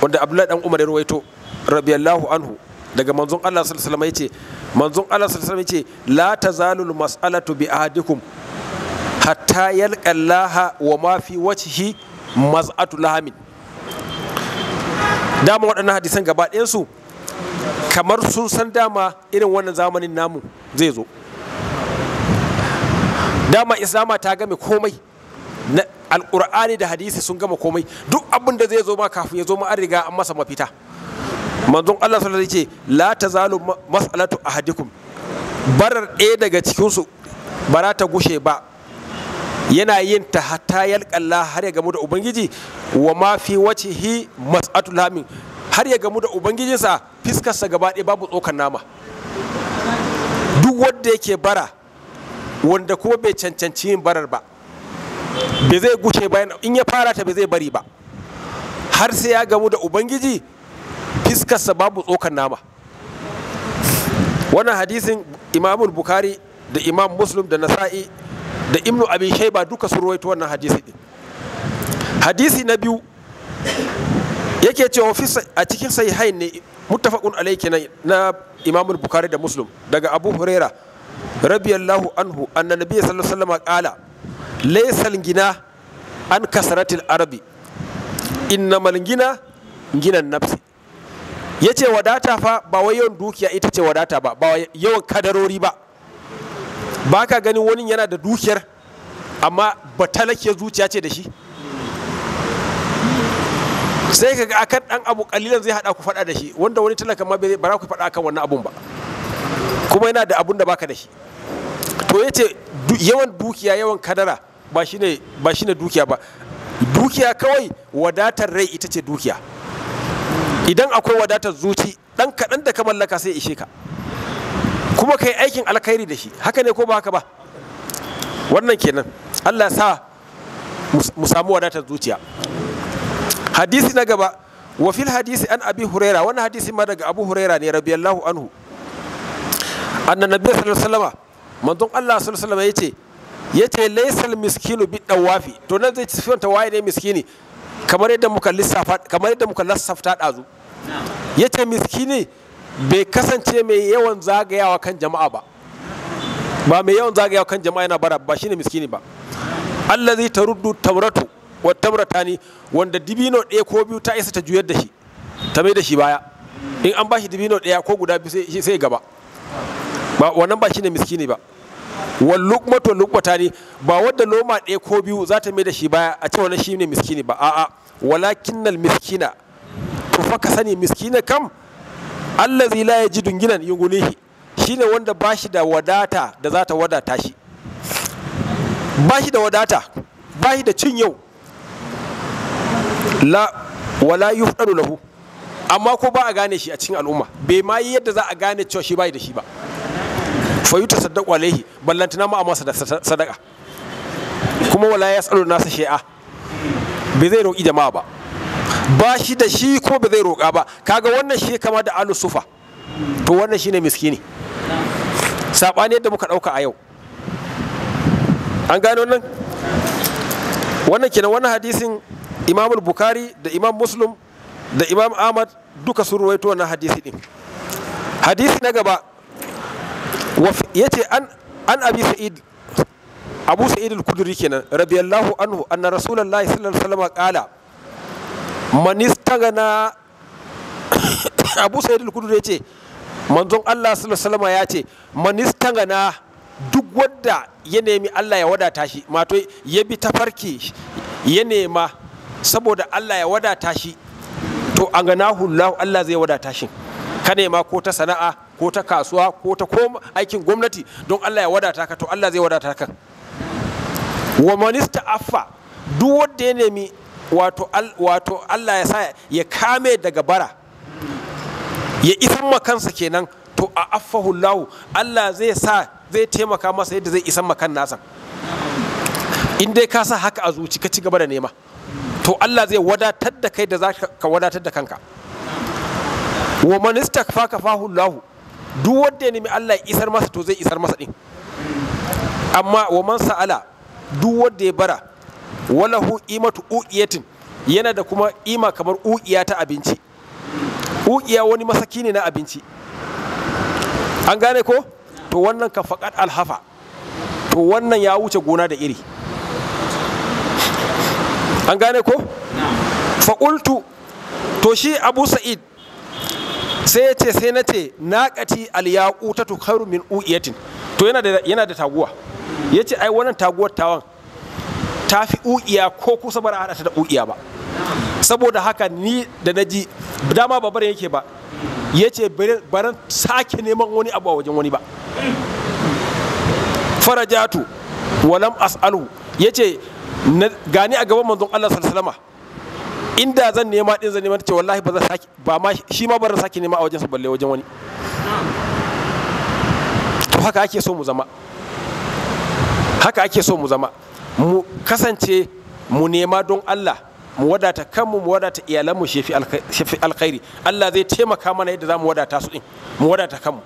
wanda abdullahi dan umar ya ruwaito radiyallahu anhu daga manzon Allah sallallahu alaihi wasallam ce, manzon Allah sallallahu alaihi wasallam ce la tazalul mas'alatu bi ahadikum hatta yalƙallaha wa ma fi wacihi maz'atu lahamin dama waɗannan hadisan gaba ɗayansu kamar sun san dama irin wannan zamanin namu zai zo dama islama ta game komai na alƙur'ani da hadisi sun gama komai duk abin da zai zo ma kafin ya zo ma an riga an masa mafita manzon Allah sallallahu alaihi ce la tazalu mas'alatu ahadikum barar ɗaya daga cikinsu ba ta gushe ba yana yin ta hatta yalƙalla har ya gamu da ubangiji wa ma fi wacihi mas'atul hamin har ya gamu da ubangijinsa fiskarsa gaba ɗaya babu tsokan nama duk wanda yake bara wanda kuma bai cancanci yin barar ba bai zai gushe bayan in ya fara ta bai zai bari ba har sai ya gamu da ubangiji fiskarsa babu tsokan nama wannan hadisin imamul bukari da imam muslim da nasa'i da ibnu abin shaiba duka sun ruwaito wannan hadisi din hadisi na biyu yake cewa a cikin sahihain ne muttafaqun alayki na, na imam bukhari da muslim daga abu huraira radiyallahu anhu anna nabiy sallallahu alaihi wasallam qala Laisal gina an kasratil arabi innamal gina ginan nafsi yace wadata fa ba wai yawan dukiya ita ce wadata ba ba yawan kadarori ba ba ka ganin wani yana da dukiyar amma ba talakiyar zuciya ce da shi sai ka ga akan dan abu kalilan zai hada ku fada da shi wanda wani talaka ma ba za ku fada kan wannan abun ba kuma yana da abun da baka da shi to yace yawan dukiya yawan kadara ba shine ba shine dukiya ba dukiya kawai wadatar rai ita ce dukiya idan akwai wadatar zuci dan kaɗan da ka mallaka sai ishe ka kuma kai aikin alkhairi da shi haka ne ko ba haka ba wannan kenan Allah sa mu samu wadatar zuciya hadisi na gaba wa fil hadisi an abi huraira wannan hadisi ma daga abu huraira ne radiyallahu anhu anna nabi sallallahu alaihi wasallam manzon Allah sallallahu alaihi wasallam yace yace laysal miskinu bi dawafi to nan zai sifanta waye ne miskini kamar yadda muka lissafa kamar yadda muka lissafta dazu yace miskini bai kasance mai yawan zagayawa kan jama'a ba ba mai yawan zagayawa kan jama'a yana bara ba shine miskini ba Allah zai ta ruddu tamratu wa tamratani wanda dibino ɗaya ko biyu ta isa ta juyar da shi ta mai da shi baya in an bashi dibino ɗaya ko guda biyu sai gaba ba wannan ba shine miskini ba wal luqmatu luqmatani ba wadda noma ɗaya ko biyu za ta mai da shi baya a cewa shi ne miskini ba a'a walakinnal miskina to fa ka sani miskina kam allazi la yajidu ginan Shi shine wanda bashi da wadata da za ta wadata shi bashi da wadata bashi da cin yau la wala yuhdaru lahu amma ko ba a gane shi a cikin al'umma bai ma yi yadda za a gane cewa shi bai da shi ba fa yuta saddaqu alaihi ballantana ma amma sadaka kuma wala yasalu nasa shi'a bai zai roƙi jama'a ba ba shi da shi kuma ba zai roƙa ba kaga wannan shi kama da alusufa to wannan shi ne miskini saɓani yadda muka ɗauka a yau an gano nan wannan kenan wannan hadisin imam bukhari da imam muslim da imam ahmad duka sun ruwaito wannan hadisi din hadisi na gaba ya ce an abi sa'id abu sa'id al kuduri kenan yallahu anhu anna rasulullahi sallallahu alaihi wasallam qala gana, abu sa'id al-kudu ya ce manzon Allah sallallahu alaihi ya ce gana duk wanda ya nemi Allah ya wadata shi mato ya bi tafarki ya nema saboda Allah ya wadata shi to an ganahu hullahu Allah zai wadata shi ka nema ko ta sana'a ko ta kasuwa ko ta koma aikin gwamnati don Allah ya wadata ka to Allah zai wadata ka wa manista affa duk wanda ya nemi wato Allah ya sa ya kame daga bara ya isan kansa kenan to a affahu lahu Allah zai sa zai taimaka masa yadda zai isan makan nasa in dai ka sa haka a zuci ka ci gaba da nema to Allah zai wadatar da kai da za ka wadatar da kanka wa man istakfa fahu lahu duk wanda ya nemi Allah ya isar masa to zai isar masa din amma wa man sa'ala duk wanda ya bara walahu imatu u'iyatin yana da kuma ima kamar u'iya ta abinci u'iya wani masaki ne na abinci an gane ko to wannan ka faƙat alhafa to wannan ya wuce gona da iri an gane ko faƙultu to shi abu sa'id sai ya ce sai na ce naƙati alyaƙu ta tukaru min u'iyatin to yana da taguwa ya ce ai wannan taguwar tawan ta fi u'iya ko kusa bara hada ta da u'iya ba saboda haka ni da na ji dama ba bare yake ba ya ce baran sake neman wani abu a wajen wani ba farajatu walam as'alu ya ce gani a gaban manzon Allah sallallahu inda zan nema din zan nema ta ce wallahi ba za sake ba ma shi ma baran sake nema a wajen sa balle wajen wani to haka ake so mu zama haka ake so mu zama mu kasance mu nema don Allah mu wadata kanmu mu wadata iyalanmu shafi alkhairi Allah zai taimaka mana yadda za mu wadata su in mu wadata kanmu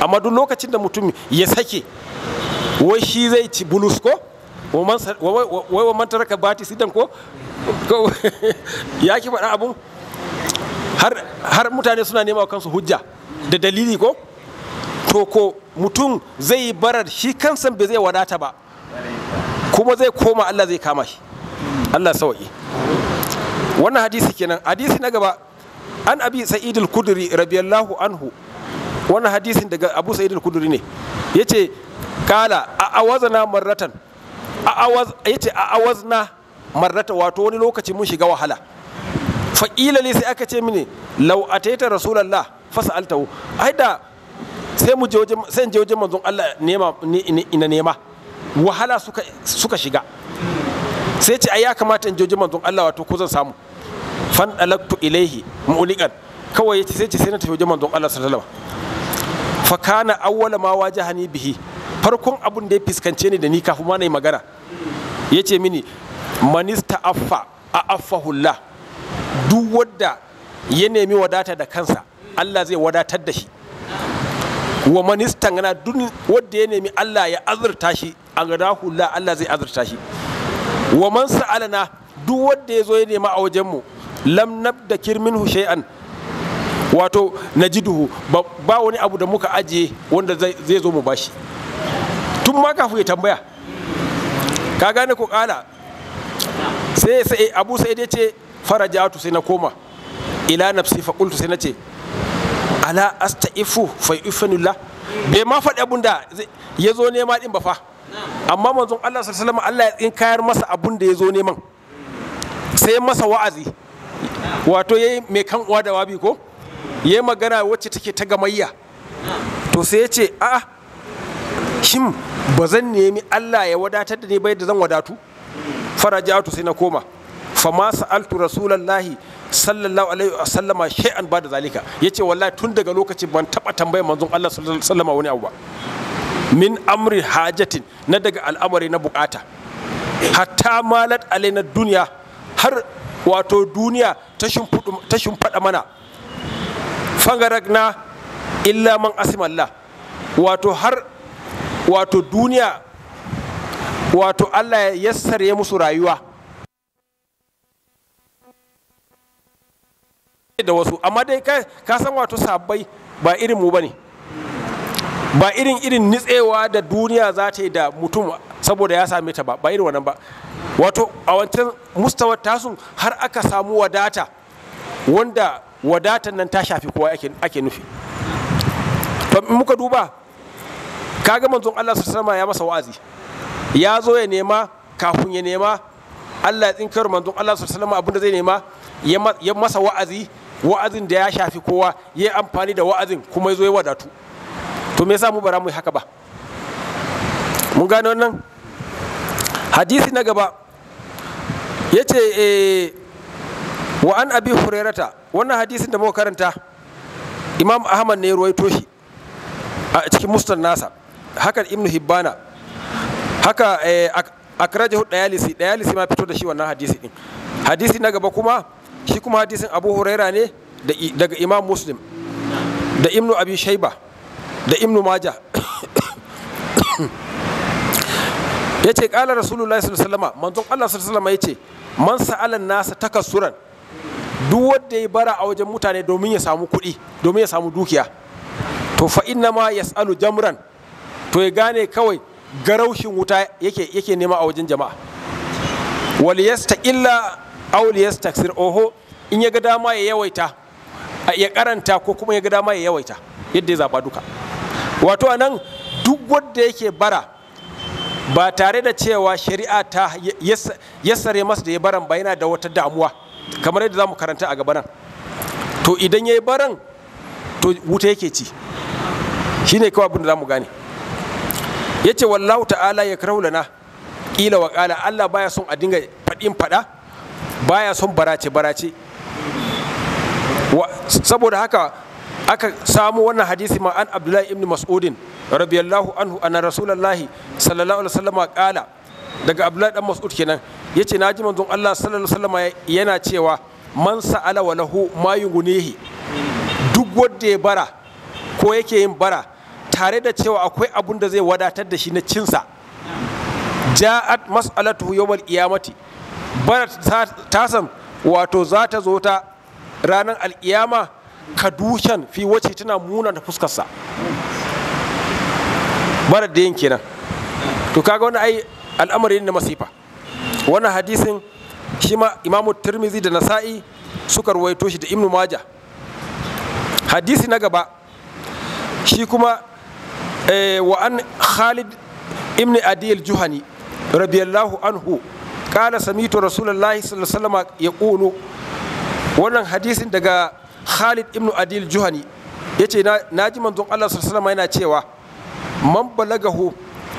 amma duk lokacin da mutum ya sake wai shi zai ci bulus ko wai wa man taraka bati sidan ko ya ki faɗa abun har mutane suna nema kansu hujja da dalili ko to ko mutum zai barar shi kansan bai zai wadata ba kuma zai koma Allah zai kama shi Allah sawa'i wannan hadisi kenan hadisi na gaba an abi sa'id al-kudri radiyallahu anhu wannan hadisin daga abu sa'id al-kudri ne yace kala a awazna marratan a awaz yace a awazna marrata wato wani lokaci mun shiga wahala fa ila sai aka ce mini law ataita rasulullah fa sa'altahu aida sai mu je wajen sai je wajen manzon Allah nema ina nema wahala suka, shiga sai ce ai ya kamata in joji manzon Allah wato ko zan samu fan alaktu ilaihi mu'liqan kawai yace sai ce sai na tafi wajen manzon Allah sallallahu alaihi wasallam fa kana awwala ma wajahani bihi farkon abun da ya fiskance ni da ni kafin ma nayi magana yace mini manista affa a affahullah duk wanda ya nemi wadata da kansa Allah zai wadatar da shi wa manistan gana duk wadda ya nemi Allah ya azurta shi a gada hula Allah zai azurta shi wa man sa'alana duk wanda ya zo ya nema a wajenmu lam nabda kirminhu shay'an wato duhu ba wani abu da muka ajiye wanda zai zo mu bashi tun ma kafu ya tambaya ka gane ko kala sai abu sai dai ce farajatu sai na koma ila nafsi fa qultu sai na ce ala ifu fa yufinullah bai ma faɗi abin da ya zo nema din ba fa amma manzon Allah sallallahu alaihi Allah ya tsin kayar masa abin da ya zo neman sai masa wa'azi wato yayi mai kan uwa da wabi ko yayi magana wacce take ta gamayya to sai yace a a'a shin ba zan nemi Allah ya wadatar da ni bai da zan wadatu farajatu sai na koma Fa ma sa'altu rasulallahi sallallahu alaihi wa sallama shay'an ba da zalika yace wallahi tun daga lokacin ban taba tambayar manzon Allah sallallahu alaihi wa wani abu ba min amri hajatin na daga al'amari na bukata hatta malat alaina duniya har wato duniya ta shimfaɗa mana fangaragna illa man Allah wato har wato duniya wato Allah ya yassare musu rayuwa da wasu amma dai ka san wato sabai ba irin mu bane ba irin irin nitsewa da duniya za ta yi da mutum saboda ya same ta ba ba irin wannan ba wato a wancan mustawar tasun har aka samu wadata wanda wadatan nan ta shafi kowa ake nufi to muka duba kaga manzon Allah sallallahu alaihi ya masa wa'azi ya zo ya nema kafin ya nema Allah ya tsinkar manzon Allah sallallahu alaihi abinda zai nema ya masa wa'azi wa'azin da ya shafi kowa ya yi amfani da wa'azin kuma ya zo ya wadatu to me yasa mu bara mu haka ba mun gane wannan hadisi na gaba ya ce eh, wa an abi hurairata wannan hadisin da muka karanta imam ahmad ne ruwaito shi a cikin mustan nasa haka ibnu hibbana haka eh, akrajahu dayalisi dayalisi ma fito da shi wannan hadisi din hadisi na gaba kuma shi kuma hadisin abu huraira ne daga imam muslim da imnu abi shaiba da imnu maja ya ce ƙala rasulullahi sallallahu alaihi manzon allah sallallahu alaihi ya ce man sa'alan nasa takassuran duk wanda ya bara a wajen mutane domin ya samu kuɗi domin ya samu dukiya to fa inna ma yas'alu jamran to ya gane kawai garaushin wuta yake yake nema a wajen jama'a wal yasta illa auliyas taksir oho in ya ga dama ya yawaita ya karanta ko kuma ya ga dama ya yawaita yadda ya zaba duka wato anan duk wanda yake bara ba tare da cewa shari'a ta yassare masa da ya baran ba yana da wata damuwa kamar yadda zamu mu karanta a gaba nan to idan ya baran to wuta yake ci shine ne kawai abin da zamu gane Yace wallahu ta'ala ya karau lana ƙila wa allah baya son a dinga faɗin faɗa baya son barace barace saboda haka aka samu wannan hadisi ma an abdullahi ibn mas'udin radiyallahu anhu anna rasulullahi sallallahu alaihi wasallam kala daga abdullahi dan mas'ud kenan yace naji manzon Allah sallallahu alaihi wasallam yana cewa man sa'ala wa lahu ma yugunihi duk wanda ya bara ko yake yin bara tare da cewa akwai abun da zai wadatar da shi na cinsa ja'at Mas'alatu yawmal qiyamati bara tasan wato za ta zo ta ranar al'iyama ka dushen fi wace tana muna da fuskarsa barar da yin kenan to kaga wani ai al'amari na masifa wannan hadisin shi ma imamu tirmizi da nasa'i suka ruwaito shi da ibnu maja hadisi na gaba shi kuma eh, wa an khalid ibn adil juhani rabiyallahu anhu qala samitu rasulullahi sallallahu alaihi wasallam kunu. wannan hadisin daga Khalid ibn Adil Juhani yace na ji manzon Allah sallallahu yana cewa man balagahu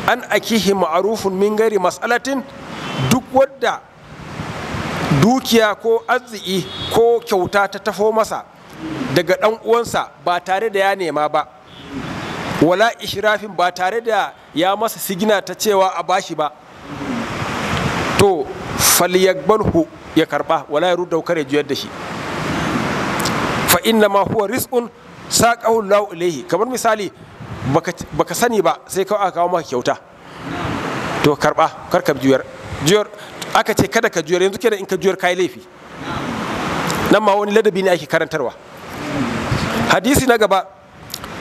an akihi ma'arufin min gairi mas'alatin duk wadda dukiya ko arziki ko kyauta ta tafo masa daga dan uwansa ba tare da ya nema ba wala ishirafin ba tare da ya masa sigina ta cewa a bashi ba to falyaqbalhu ya karba wala ya rudda kare juyar da shi fa inna ma huwa rizqun saqahu Allahu ilayhi kamar misali baka sani ba sai ka aka kawo maka kyauta to karba kar ka juyar juyar aka ce kada ka juyar yanzu kenan in ka juyar kai laifi nan ma wani ladabi ne ake karantarwa hadisi na gaba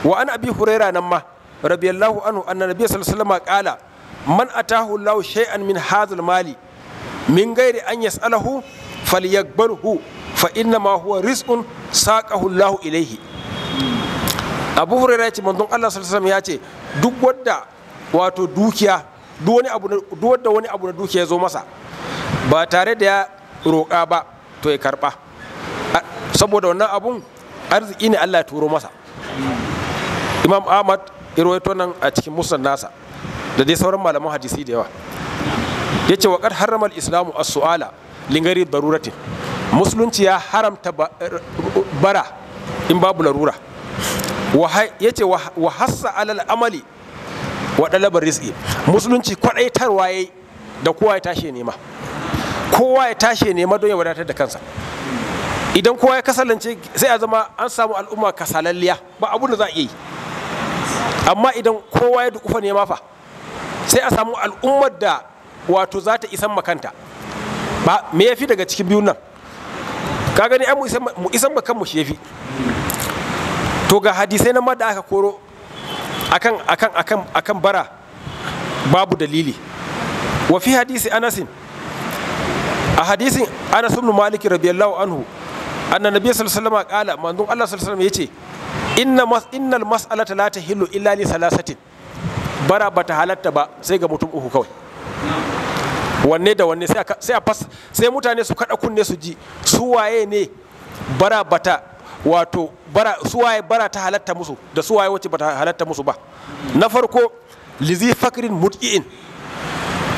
wa an abi huraira nan ma radiyallahu anhu anna nabiyyu sallallahu alaihi wasallam qala man atahu Allahu shay'an min hadhal mali min gairi an yas'alahu falyakbalhu fa inna ma huwa rizqun saqahu Allahu ilaihi Abu Hurairah ya ce manzon Allah sallallahu ya ce duk wanda wato dukiya duk wani abu wani abu na dukiya ya zo masa ba tare da ya roƙa ba to ya karɓa saboda wannan abun arziki ne Allah ya turo masa Imam Ahmad ya rawaito nan a cikin musnad nasa da dai sauran malaman hadisi da yawa yace wakar waƙar haramar islamu a suala lingari baruratin musulunci ya haramta er, bara in babu larura yace wa hassa alal amali wa ɗalabar rizqi musulunci kwadaitarwa yayi da kowa ya tashi nema kowa ya tashi nema don ya wadatar da kansa idan kowa ya kasalance sai a zama an samu al'umma kasalalliya ba abun da za a yi amma idan kowa ya dukufa nema fa sai a samu al'ummar da wato za ta isan makanta ba me ya fi daga cikin biyun nan ka gani an mu isan makan mu shi to ga hadisai na ma da aka koro akan akan akan akan bara babu dalili wa fi hadisi anasin a hadisin anas ibn malik radiyallahu anhu anna nabiy sallallahu alaihi wasallam qala manzon allah sallallahu alaihi wasallam yace inna mas innal mas'alata la tahillu illa li salasatin bara bata halatta ba sai ga mutum uku kawai wanne da wanne sai a fas sai mutane su kaɗa kunne su ji su waye ne bara bata wato bara waye bara ta halatta musu da su waye wacce bata halatta musu ba na farko lizi fakirin mut'iin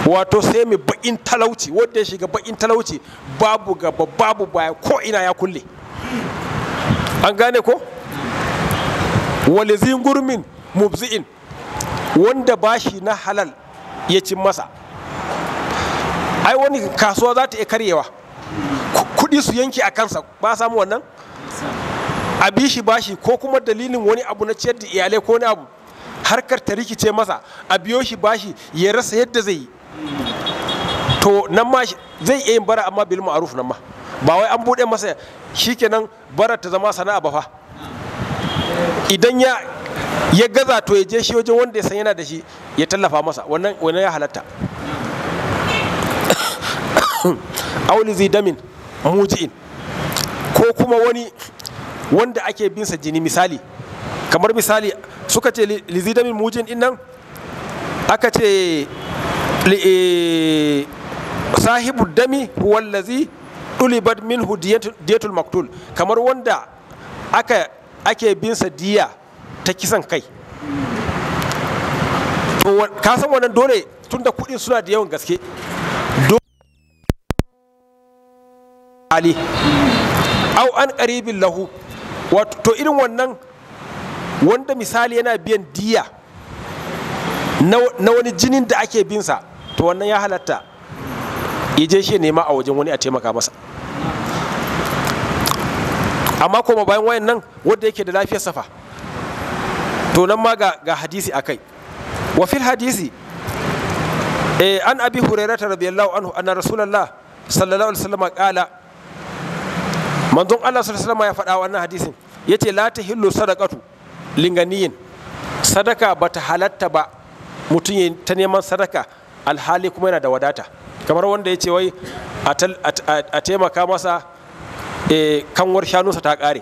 wato sai mai baƙin talauci wanda ya shiga bakin talauci babu gaba babu baya ko ina ya kulle an gane ko walizin gurmin mubzi'in wanda bashi na halal ya cin masa ai wani kasuwa za ta iya karyewa kuɗi su yanki a kansa ba samu wannan a bi shi bashi ko kuma dalilin wani abu na ciyar da iyalai ko wani abu harkar ta rikice masa a biyo shi bashi ya rasa yadda zai yi to nan ma zai iya yin bara amma bil ma'ruf nan ma ba wai an buɗe masa shikenan bara ta zama sana'a ba fa idan ya ya gaza to ya je shi wajen wanda ya san yana da shi ya tallafa masa wannan ya halatta auli zidamin muji'in ko kuma wani wanda ake bin sa jini misali kamar misali suka ce lizidamin mujin din nan aka ce e, sahibu dami huwallazi dulibat min hudiyatul maktul kamar wanda aka ake bin sa diya ta kisan kai to ka san wannan dole tunda kuɗin suna da yawan gaske ali au an karibin lahu wato to irin wannan wanda misali yana biyan diya na wani jinin da ake binsa to wannan ya halatta je shi nema a wajen wani a taimaka masa amma kuma bayan wayan nan wanda yake da lafiyar safa to nan ma ga hadisi akai wa fil hadisi eh an abi hurairata radiyallahu anhu anna rasulullah sallallahu alaihi wasallam qala manzon Allah sallallahu ya faɗa wannan hadisin yace la tahillu sadaqatu linganiyin sadaka bata halatta ba mutum ta neman sadaka alhali kuma yana da wadata kamar wanda ya ce wai a taimaka masa eh, kanwar shanunsa ta kare.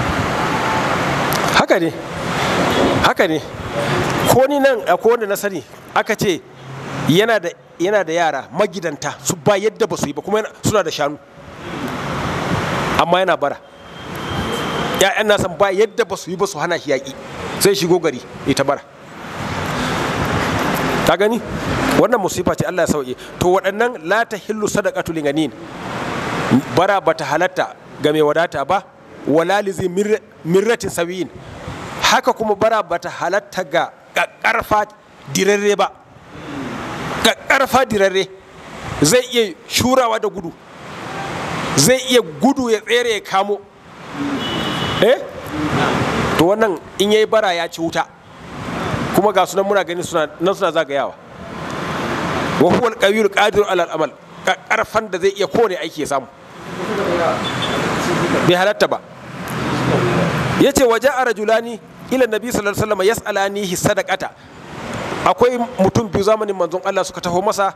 haka ne haka ne ko ni nan a kowane na sani aka ce yana da yara magidanta su ba yadda ba su yi ba kuma suna da shanu amma yana bara ya'yan nasan ba yadda ba su yi ba su hana shi yaƙi sai shigo gari ita bara ta gani wannan musifa ce Allah ya sauke to waɗannan la ta hillu sadaqatu linganin bara bata halatta game mai wadata ba wala mirrati sawiyin haka kuma bara bata halatta ga ƙarfa dirarre ba ƙarfa dirarre zai iya shurawa da gudu zai iya gudu ya tsere ya kamo eh to wannan in yayi bara ya ci wuta kuma ga sunan muna gani suna nan suna zagayawa wa huwa al-qawiyyu al-qadiru ala al-amal da zai iya kone aiki ya samu bai halatta ba ya ce waje a rajulani ila nabi sallallahu alaihi wasallam yas'alanihi sadaqata akwai mutum biyu zamanin manzon Allah suka taho masa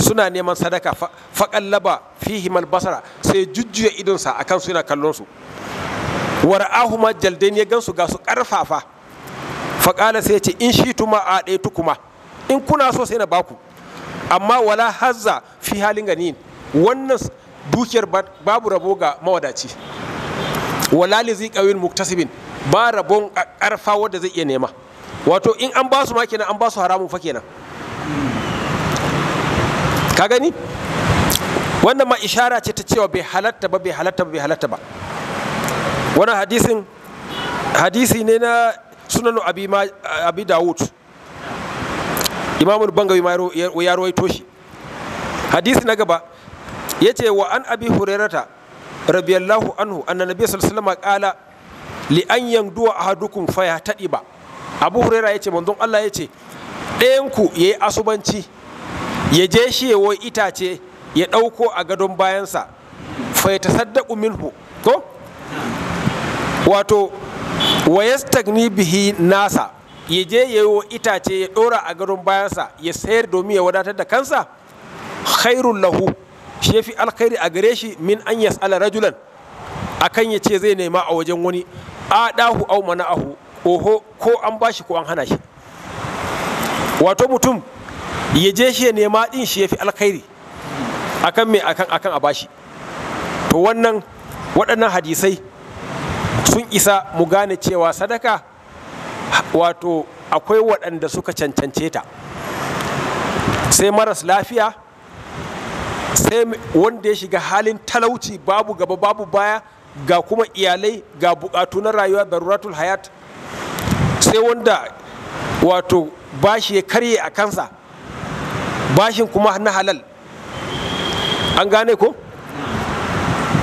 suna neman sadaka faƙallaba fihi mal basara sai jujjuya idonsa akan su yana kallon su wara'ahu ma jaldain ya gansu ga su karfafa faƙala sai ce in shi tuma a ɗaya tukuma in kuna so sai na baku amma wala hazza fi halin ganin wannan dukiyar babu rabo ga mawadaci Walali zai kawin muktasibin ba rabon karfa wanda zai iya nema wato in an ba su ma kenan an ba su haramun fa kenan ka gani wannan ma ishara ce ta cewa bai halatta ba bai halatta ba bai halatta ba wannan hadisin hadisi ne na sunanu abi, dawud imamun bangawi ya rawaito shi hadisi na gaba yace wa an abi hurairata rabiyallahu anhu anna nabiy sallallahu alaihi qala li an yamduwa ahadukum fa ya tadiba abu huraira yace manzon Allah yace ɗayan ku yayi asubanci ya je shi ya wai itace ya ɗauko a gadon bayansa fa ya tasaddaqu minhu ko wato wa yastagni bihi nasa ya je ya yi itace ya ɗora a gadon bayansa ya sayar domin ya wadatar da kansa khairun lahu shi yafi alkhairi a gare shi min an ala rajulan akan ya ce zai nema a wajen wani adahu au ahu oho ko an bashi ko an hana shi wato mutum ya je shi ya nema din shi ya fi alkhairi akan mai akan akan a bashi to wannan waɗannan hadisai sun isa mu gane cewa sadaka wato akwai waɗanda suka cancance ta sai maras lafiya sai wanda ya shiga halin talauci babu gaba babu baya ga kuma iyalai ga bukatu na rayuwa da ruratul hayat sai wanda wato bashi ya karye a kansa bashin kuma na halal an gane ko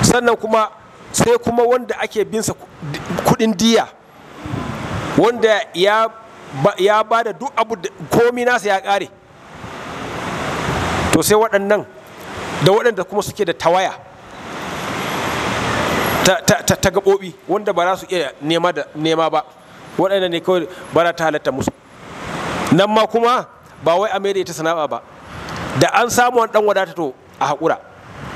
sannan kuma sai kuma wanda ake binsa kudin diya wanda ya ya ba da duk abu komi nasa ya kare to sai waɗannan da waɗanda kuma suke da tawaya ta gaɓoɓi wanda ba za su iya nema ba waɗanda ne kawai ba za ta halatta musu nan ma kuma ba wai a mai da ita sana'a ba da an samu wani ɗan wadata to a haƙura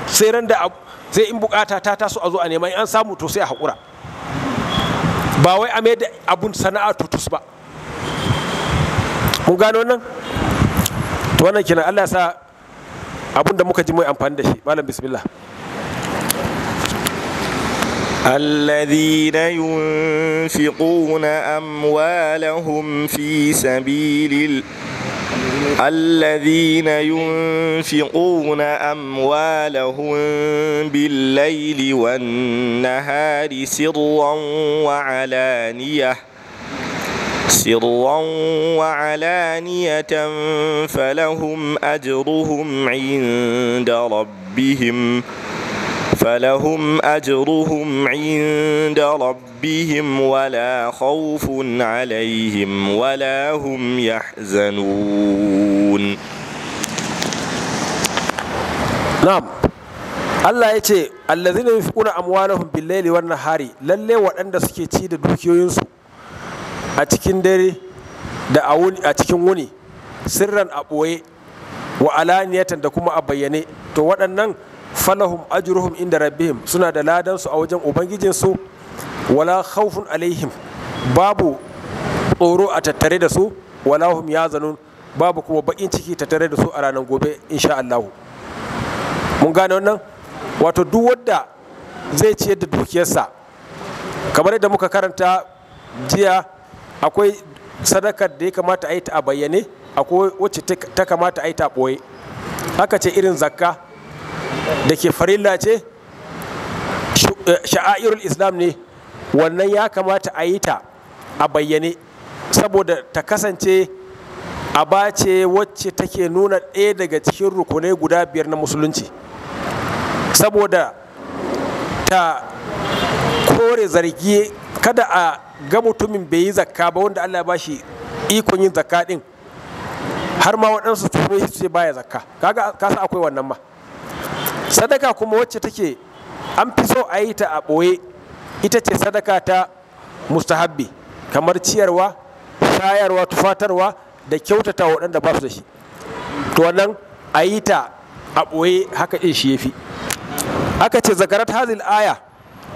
sai ran da sai in bukata ta taso a zo a nema in an samu to sai a haƙura ba wai a mai da abun sana'a tutus ba mun gano nan to wannan kenan Allah ya sa abunda muka ji moy amfani da shi malam bismillah الذين ينفقون أموالهم في سبيل الذين ينفقون أموالهم بالليل والنهار سرا وعلانيةً سرا وعلانية فلهم أجرهم عند ربهم فلهم أجرهم عند ربهم ولا خوف عليهم ولا هم يحزنون نعم Allah ya ce Allah zina allazina yunfiquna amwalahum bil-laili wan hari, lalle waɗanda suke ci da dukiyoyinsu a cikin dare da a cikin wuni sirran a ɓoye wa alaniyatan da kuma a bayyane to waɗannan falahum ajruhum inda rabbihim suna da ladansu a wajen ubangijinsu wala khawfun alaihim babu tsoro a tattare da su wala hum yazanun babu kuma baƙin ciki tattare da su a ranar gobe insha Allah mun gane wannan wato duk wanda zai ciyar da dukiyarsa kamar yadda muka karanta jiya akwai sadakar da ya kamata a yi ta a bayyane akwai wacce ta kamata a yi ta ɓoye haka ce irin zakka da ke farilla ce eh, sha'airul islam ne wannan ya kamata a yi ta a bayyane saboda ta kasance a bace wacce take nuna ɗaya daga cikin rukunai guda biyar na musulunci saboda ta kore zargi kada a ga mutumin bai yi zakka ba wanda Allah ba shi ikon yin zakka din har ma waɗansu tuhume su ce baya zakka kaga ka san akwai wannan ma sadaka kuma wacce take an fi so a yi ta a ɓoye ita ce sadaka ta mustahabbi kamar ciyarwa shayarwa tufatarwa da kyautata waɗanda ba su da shi to wannan a yi ta a ɓoye haka ɗin shi ya fi aka ce zakarat hazil aya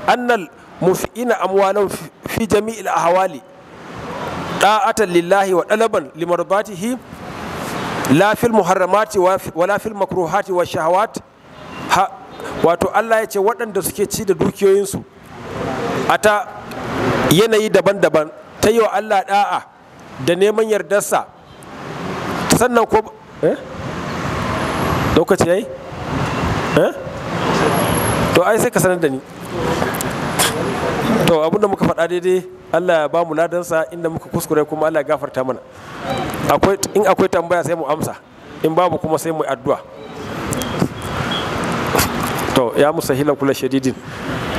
annal mufi'ina amwalan fi jami'il ahwali da'atan lillahi wa dalaban limarbatihi la fil muharramati wa la fil makruhati wa shahawat wato Allah ya ce waɗanda suke ci da dukiyoyinsu a ta yanayi daban-daban ta yi wa Allah da'a da neman yardarsa sannan ko lokaci yayi eh to ai sai ka sanar da ni to abinda muka faɗa daidai Allah ya bamu ladansa inda muka kuskure kuma Allah ya gafarta mana in akwai tambaya sai mu amsa in babu kuma sai mu addu'a to ya musahila kula shadidin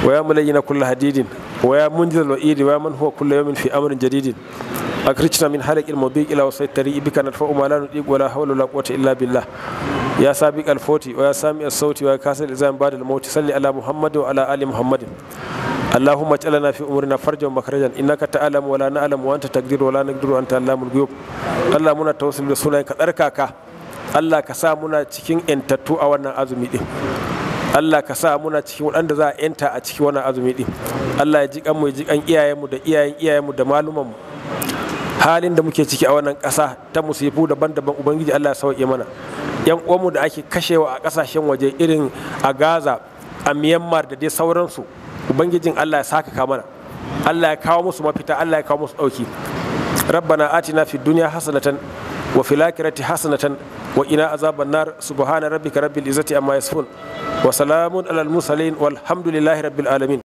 ويا ملينا كل حديد ويا منجز الوئيد ويا من هو كل يوم في أمر جديد أخرجنا من حلق المضيق إلى وسط الطريق بك ندفع ما لا نطيق ولا حول ولا قوة إلا بالله يا سابق الفوت ويا سامع الصوت ويا كاسر الإزام بعد الموت صل على محمد وعلى آل محمد اللهم اجعلنا في امورنا فرجا ومخرجا انك تعلم ولا نعلم وانت تقدر ولا نقدر وانت علام الغيوب اللهم منا توصل da sunayenka tsarkaka Allah ka sa muna cikin entattu a wannan azumi din Allah ka sa muna cikin waɗanda za a yanta a cikin wannan azumi din Allah ya ji kanmu ya ji kan iyayenmu da iyayen iyayenmu da malumanmu halin da muke ciki a wannan ƙasa ta musifu daban-daban ubangiji Allah ya sauke mana yan uwanmu da ake kashewa a ƙasashen waje irin a Gaza a Myanmar da dai sauransu ubangijin Allah ya saka ka mana Allah ya kawo musu mafita Allah ya kawo musu ɗauki rabbana atina fid dunya hasanatan wa fil akhirati hasanatan wa ina azaban nar subhana rabbika rabbil izzati amma yasifun wa salamun alal mursalin walhamdulillahi rabbil alamin